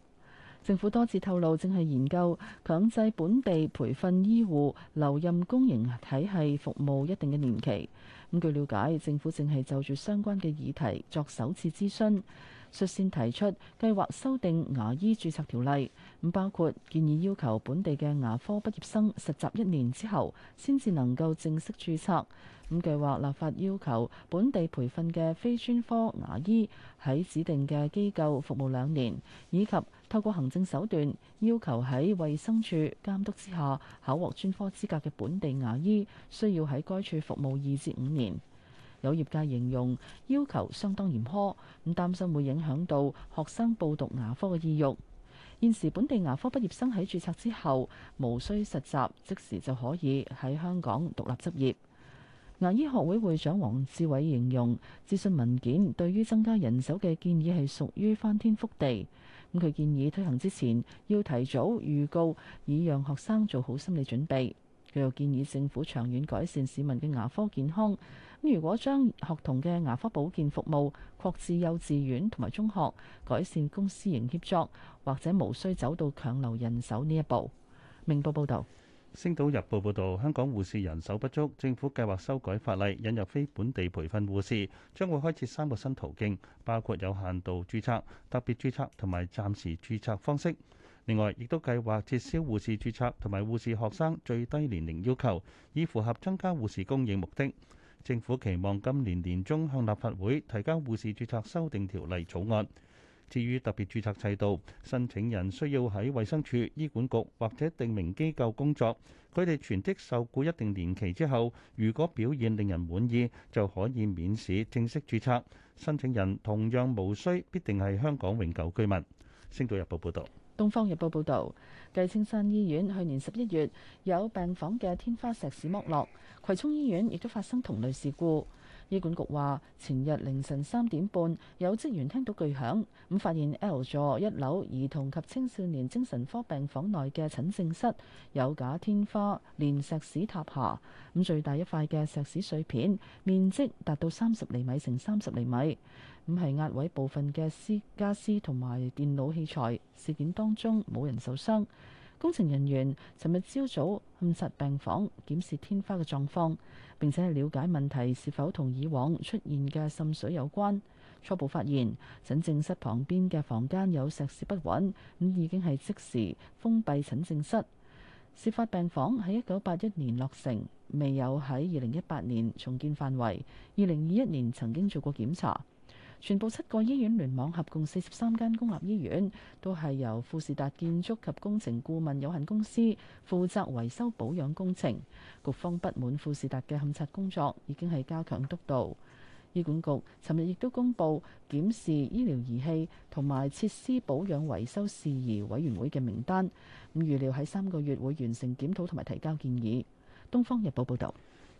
政府多次透露，正係研究強制本地培訓醫護留任公營體系服務一定嘅年期。咁據了解，政府正係就住相關嘅議題作首次諮詢。率先提出計劃修訂牙醫註冊條例，咁包括建議要求本地嘅牙科畢業生實習一年之後，先至能夠正式註冊。咁計劃立法要求本地培訓嘅非專科牙醫喺指定嘅機構服務兩年，以及透過行政手段要求喺衛生署監督之下考獲專科資格嘅本地牙醫，需要喺該處服務二至五年。有業界形容要求相當嚴苛，咁擔心會影響到學生報讀牙科嘅意欲。現時本地牙科畢業生喺註冊之後無需實習，即時就可以喺香港獨立執業。牙醫學會會長黃志偉形容諮詢文件對於增加人手嘅建議係屬於翻天覆地。咁佢建議推行之前要提早預告，以讓學生做好心理準備。佢又建議政府長遠改善市民嘅牙科健康。咁如果將學童嘅牙科保健服務擴至幼稚園同埋中學，改善公私營協作，或者無需走到強留人手呢一步。明報報道。《星島日報》報道，香港護士人手不足，政府計劃修改法例，引入非本地培訓護士，將會開設三個新途徑，包括有限度註冊、特別註冊同埋暫時註冊方式。另外，亦都計劃撤銷護士註冊同埋護士學生最低年齡要求，以符合增加護士供應目的。政府期望今年年中向立法會提交護士註冊修訂條例草案。至於特別註冊制度，申請人需要喺衛生署、醫管局或者定名機構工作，佢哋全職受雇一定年期之後，如果表現令人滿意，就可以免試正式註冊。申請人同樣無需必定係香港永久居民。星島日報報導。《東方日報》報道，繼青山醫院去年十一月有病房嘅天花石屎剝落，葵涌醫院亦都發生同類事故。醫管局話，前日凌晨三點半，有職員聽到巨響，咁發現 L 座一樓兒童，兒童及青少年精神科病房內嘅診症室有假天花連石屎塌下，咁最大一塊嘅石屎碎片面積達到三十厘米乘三十厘米。咁係壓位部分嘅私家私同埋電腦器材，事件當中冇人受傷。工程人員尋日朝早暗入病房檢視天花嘅狀況，並且係了解問題是否同以往出現嘅滲水有關。初步發現診症室旁邊嘅房間有石屎不穩，咁已經係即時封閉診症室。事發病房喺一九八一年落成，未有喺二零一八年重建範圍，二零二一年曾經做過檢查。全部七個醫院聯網合共四十三間公立醫院，都係由富士達建築及工程顧問有限公司負責維修保養工程。局方不滿富士達嘅勘察工作，已經係加強督導。醫管局尋日亦都公布檢視醫療儀器同埋設施保養維修事宜委員會嘅名單，咁預料喺三個月會完成檢討同埋提交建議。《東方日報》報道。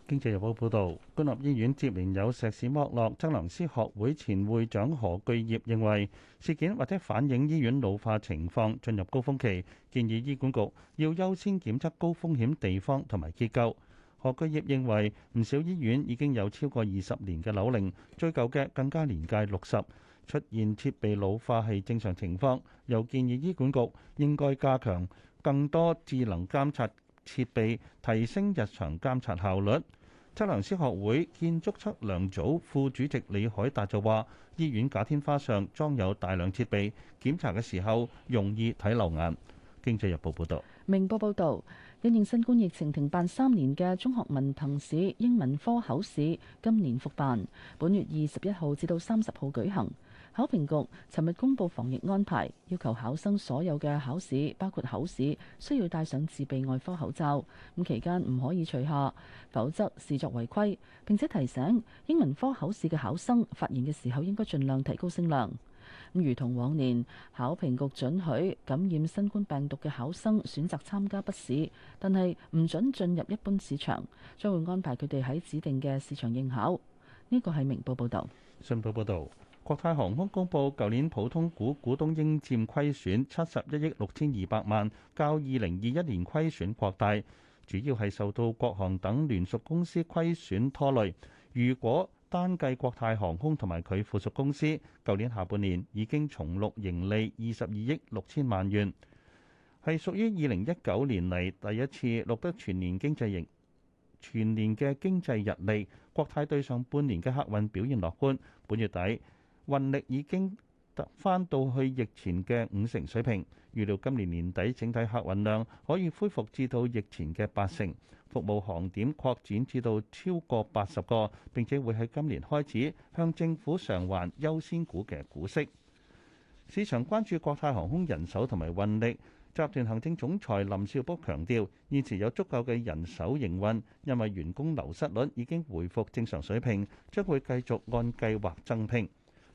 經濟日報報導，公立醫院接連有石屎剝落。測量師學會前會長何巨業認為，事件或者反映醫院老化情況進入高峰期，建議醫管局要優先檢測高風險地方同埋結構。何巨業認為，唔少醫院已經有超過二十年嘅樓齡，最舊嘅更加年屆六十，出現設備老化係正常情況，又建議醫管局應該加強更多智能監察。設備提升日常監察效率。測量師學會建築測量組副主席李海達就話，醫院假天花上裝有大量設備，檢查嘅時候容易睇漏眼。經濟日報報道。明報報道，因應新冠疫情停辦三年嘅中學文憑試英文科考試，今年復辦，本月二十一號至到三十號舉行。考評局尋日公布防疫安排，要求考生所有嘅考試，包括口試，需要戴上自備外科口罩，咁期間唔可以除下，否則視作違規，並且提醒英文科口試嘅考生發言嘅時候應該盡量提高聲量。咁如同往年，考評局准許感染新冠病毒嘅考生選擇參加筆試，但係唔准進入一般試場，將會安排佢哋喺指定嘅試場應考。呢個係明報報道，信報報道。國泰航空公布，舊年普通股股東應佔虧損七十一億六千二百萬，較二零二一年虧損擴大，主要係受到國航等聯屬公司虧損拖累。如果單計國泰航空同埋佢附屬公司，舊年下半年已經重錄盈利二十二億六千萬元，係屬於二零一九年嚟第一次錄得全年經濟營全年嘅經濟日利。國泰對上半年嘅客運表現樂觀，本月底，運力已經得翻到去疫前嘅五成水平，預料今年年底整體客運量可以恢復至到疫前嘅八成，服務航點擴展至到超過八十個，並且會喺今年開始向政府償還優先股嘅股息。市場關注國泰航空人手同埋運力，集團行政總裁林紹波強調，現時有足夠嘅人手營運，因為員工流失率已經回復正常水平，將會繼續按計劃增聘。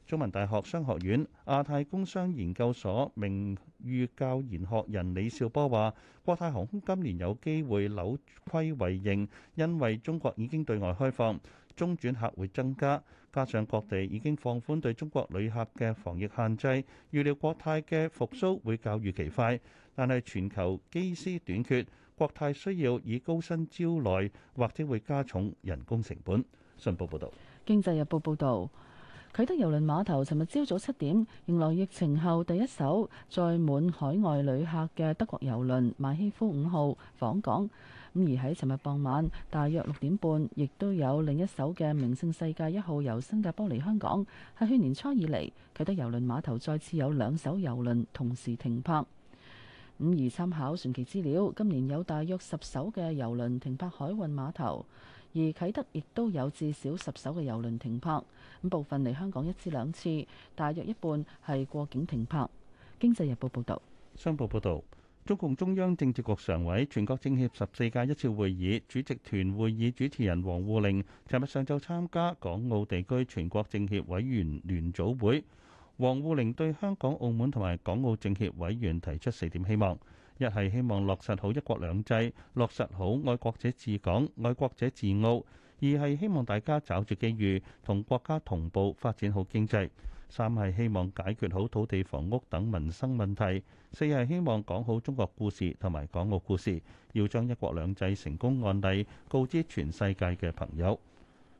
中文大學商學院亞太工商研究所名譽教研學人李兆波話：國泰航空今年有機會扭虧為盈，因為中國已經對外開放，中轉客會增加，加上各地已經放寬對中國旅客嘅防疫限制，預料國泰嘅復甦會較預期快。但係全球機師短缺，國泰需要以高薪招來，或者會加重人工成本。信報報導，《經濟日報》報導。啟德郵輪碼頭尋日朝早七點迎來疫情後第一艘載滿海外旅客嘅德國郵輪馬希夫五號訪港。咁而喺尋日傍晚大約六點半，亦都有另一艘嘅名勝世界一號由新加坡嚟香港。喺去年初以嚟，啟德郵輪碼頭再次有兩艘郵輪同時停泊。咁而參考船期資料，今年有大約十艘嘅郵輪停泊海運碼頭。而啟德亦都有至少十艘嘅郵輪停泊，咁部分嚟香港一次兩次，大約一半係過境停泊。經濟日報報道：商報報道，中共中央政治局常委、全國政協十四屆一次會議主席團會議主持人王滬寧，尋日上晝參加港澳地區全國政協委員聯組會。王滬寧對香港、澳門同埋港澳政協委員提出四點希望。一係希望落實好一國兩制，落實好愛國者治港、愛國者治澳；二係希望大家找住機遇，同國家同步發展好經濟，三係希望解決好土地、房屋等民生問題，四係希望講好中國故事同埋港澳故事，要將一國兩制成功案例告知全世界嘅朋友。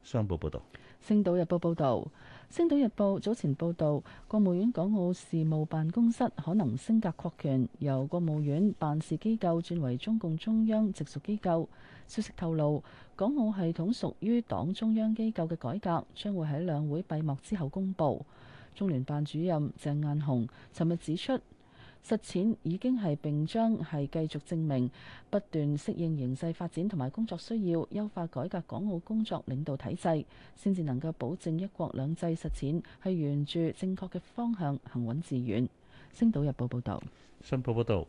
商報報道。星島日報報導，星島日報早前報導，國務院港澳事務辦公室可能升格擴權，由國務院辦事機構轉為中共中央直屬機構。消息透露，港澳系統屬於黨中央機構嘅改革，將會喺兩會閉幕之後公佈。中聯辦主任鄭雁雄尋日指出。實踐已經係並將係繼續證明，不斷適應形勢發展同埋工作需要，優化改革港澳工作領導體制，先至能夠保證一國兩制實踐係沿住正確嘅方向行穩致遠。星島日報報道。新報報導。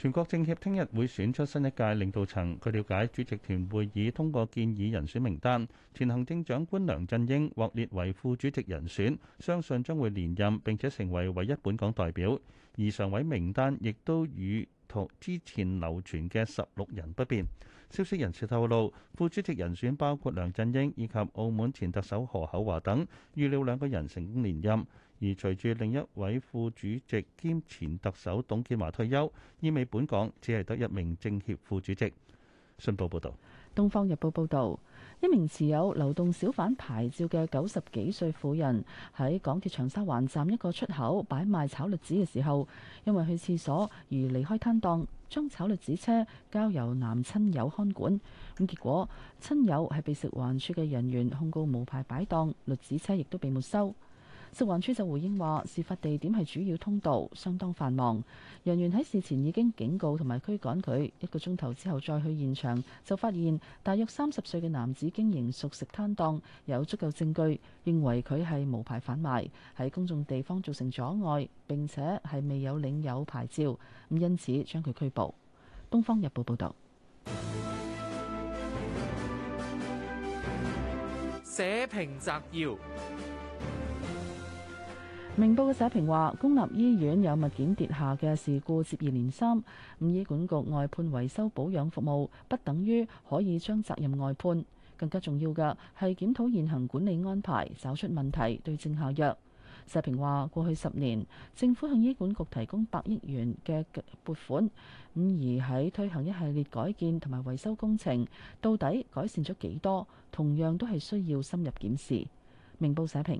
全國政協聽日會選出新一屆領導層。據了解，主席團會議通過建議人選名單，前行政長官梁振英獲列為副主席人選，相信將會連任並且成為唯一本港代表。而常委名單亦都與同之前流傳嘅十六人不變。消息人士透露，副主席人選包括梁振英以及澳門前特首何厚鏵等，預料兩個人成功連任。而隨住另一位副主席兼前特首董建華退休，意味本港只係得一名政協副主席。信報報導，《東方日報》報道：「一名持有流動小販牌照嘅九十幾歲婦人喺港鐵長沙灣站一個出口擺賣炒栗子嘅時候，因為去廁所而離開攤檔，將炒栗子車交由男親友看管。咁結果親友係被食環署嘅人員控告無牌擺檔，栗子車亦都被沒收。食環署就回應話，事發地點係主要通道，相當繁忙。人員喺事前已經警告同埋驅趕佢，一個鐘頭之後再去現場就發現大約三十歲嘅男子經營熟食攤檔，有足夠證據認為佢係無牌販賣喺公眾地方造成阻礙，並且係未有領有牌照，咁因此將佢拘捕。東方日報報道。社評摘要。明報嘅社評話，公立醫院有物件跌下嘅事故接二連三，咁醫管局外判維修保養服務不等於可以將責任外判，更加重要嘅係檢討現行管理安排，找出問題對症下藥。社評話，過去十年政府向醫管局提供百億元嘅撥款，咁而喺推行一系列改建同埋維修工程，到底改善咗幾多？同樣都係需要深入檢視。明報社評。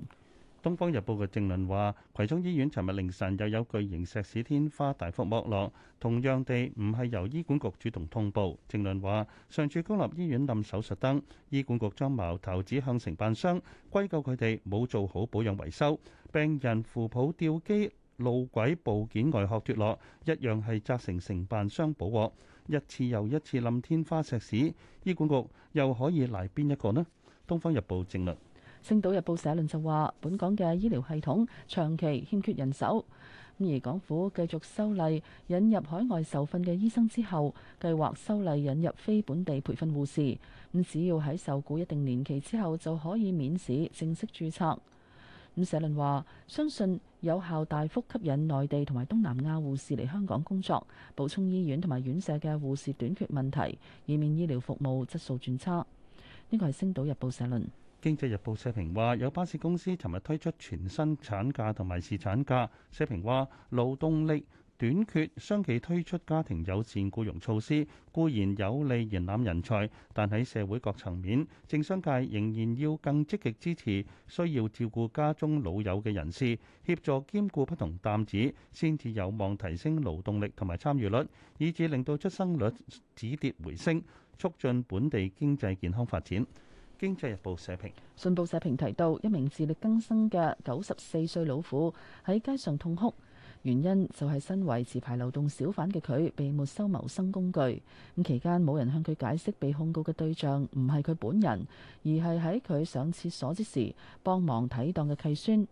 《東方日報》嘅正論話：葵涌醫院尋日凌晨又有巨型石屎天花大幅剝落，同樣地唔係由醫管局主動通報。正論話：上次公立醫院冧手術燈，醫管局將矛頭指向承辦商，歸咎佢哋冇做好保養維修。病人扶抱吊機路軌部件外殼脱落，一樣係責成承辦商保鑊。一次又一次冧天花石屎，醫管局又可以賴邊一個呢？《東方日報》正論。《星島日報》社論就話：，本港嘅醫療系統長期欠缺人手，而港府繼續修例引入海外受訓嘅醫生之後，計劃修例引入非本地培訓護士，咁只要喺受僱一定年期之後就可以免試正式註冊。咁社論話，相信有效大幅吸引內地同埋東南亞護士嚟香港工作，補充醫院同埋院舍嘅護士短缺問題，以免醫療服務質素轉差。呢個係《星島日報》社論。經濟日報社評話，有巴士公司尋日推出全新產假同埋侍產假。社評話，勞動力短缺，相繼推出家庭友善雇傭措施固然有利延攬人才，但喺社會各層面，政商界仍然要更積極支持需要照顧家中老友嘅人士，協助兼顧不同擔子，先至有望提升勞動力同埋參與率，以至令到出生率止跌回升，促進本地經濟健康發展。經濟日報社評。信報社評提到一名自力更生嘅九十四歲老婦喺街上痛哭，原因就係身為持牌流動小販嘅佢被沒收謀生工具。咁期間冇人向佢解釋被控告嘅對象唔係佢本人，而係喺佢上廁所之時幫忙睇檔嘅契孫。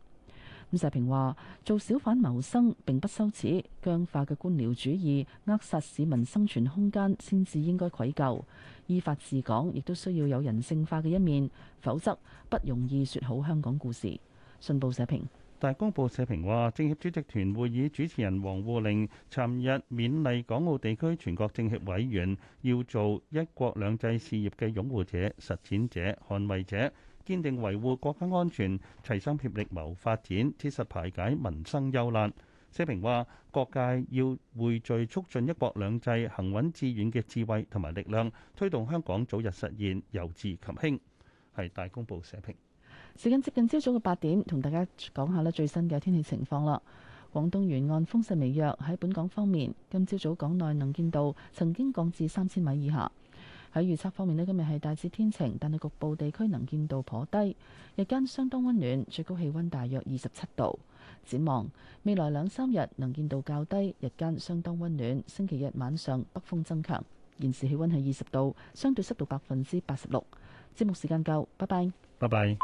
咁社評話：做小販謀生並不羞恥，僵化嘅官僚主義扼殺市民生存空間，先至應該愧疚。依法治港亦都需要有人性化嘅一面，否則不容易説好香港故事。信報社評，大公報社評話：政協主席團會議主持人王滬寧尋日勉勵港澳地區全國政協委員要做一國兩制事業嘅擁護者、實踐者、捍衞者。堅定維護國家安全，齊心協力謀發展，切實排解民生憂難。社評話：各界要匯聚促進一國兩制行穩致遠嘅智慧同埋力量，推動香港早日實現由治及興。係大公報社評。時間接近朝早嘅八點，同大家講下咧最新嘅天氣情況啦。廣東沿岸風勢微弱，喺本港方面，今朝早港內能見度曾經降至三千米以下。喺預測方面呢，今日係大致天晴，但係局部地區能見度頗低，日間相當温暖，最高氣温大約二十七度。展望未來兩三日能見度較低，日間相當温暖。星期日晚上北風增強。現時氣温係二十度，相對濕度百分之八十六。節目時間夠，拜拜。拜拜。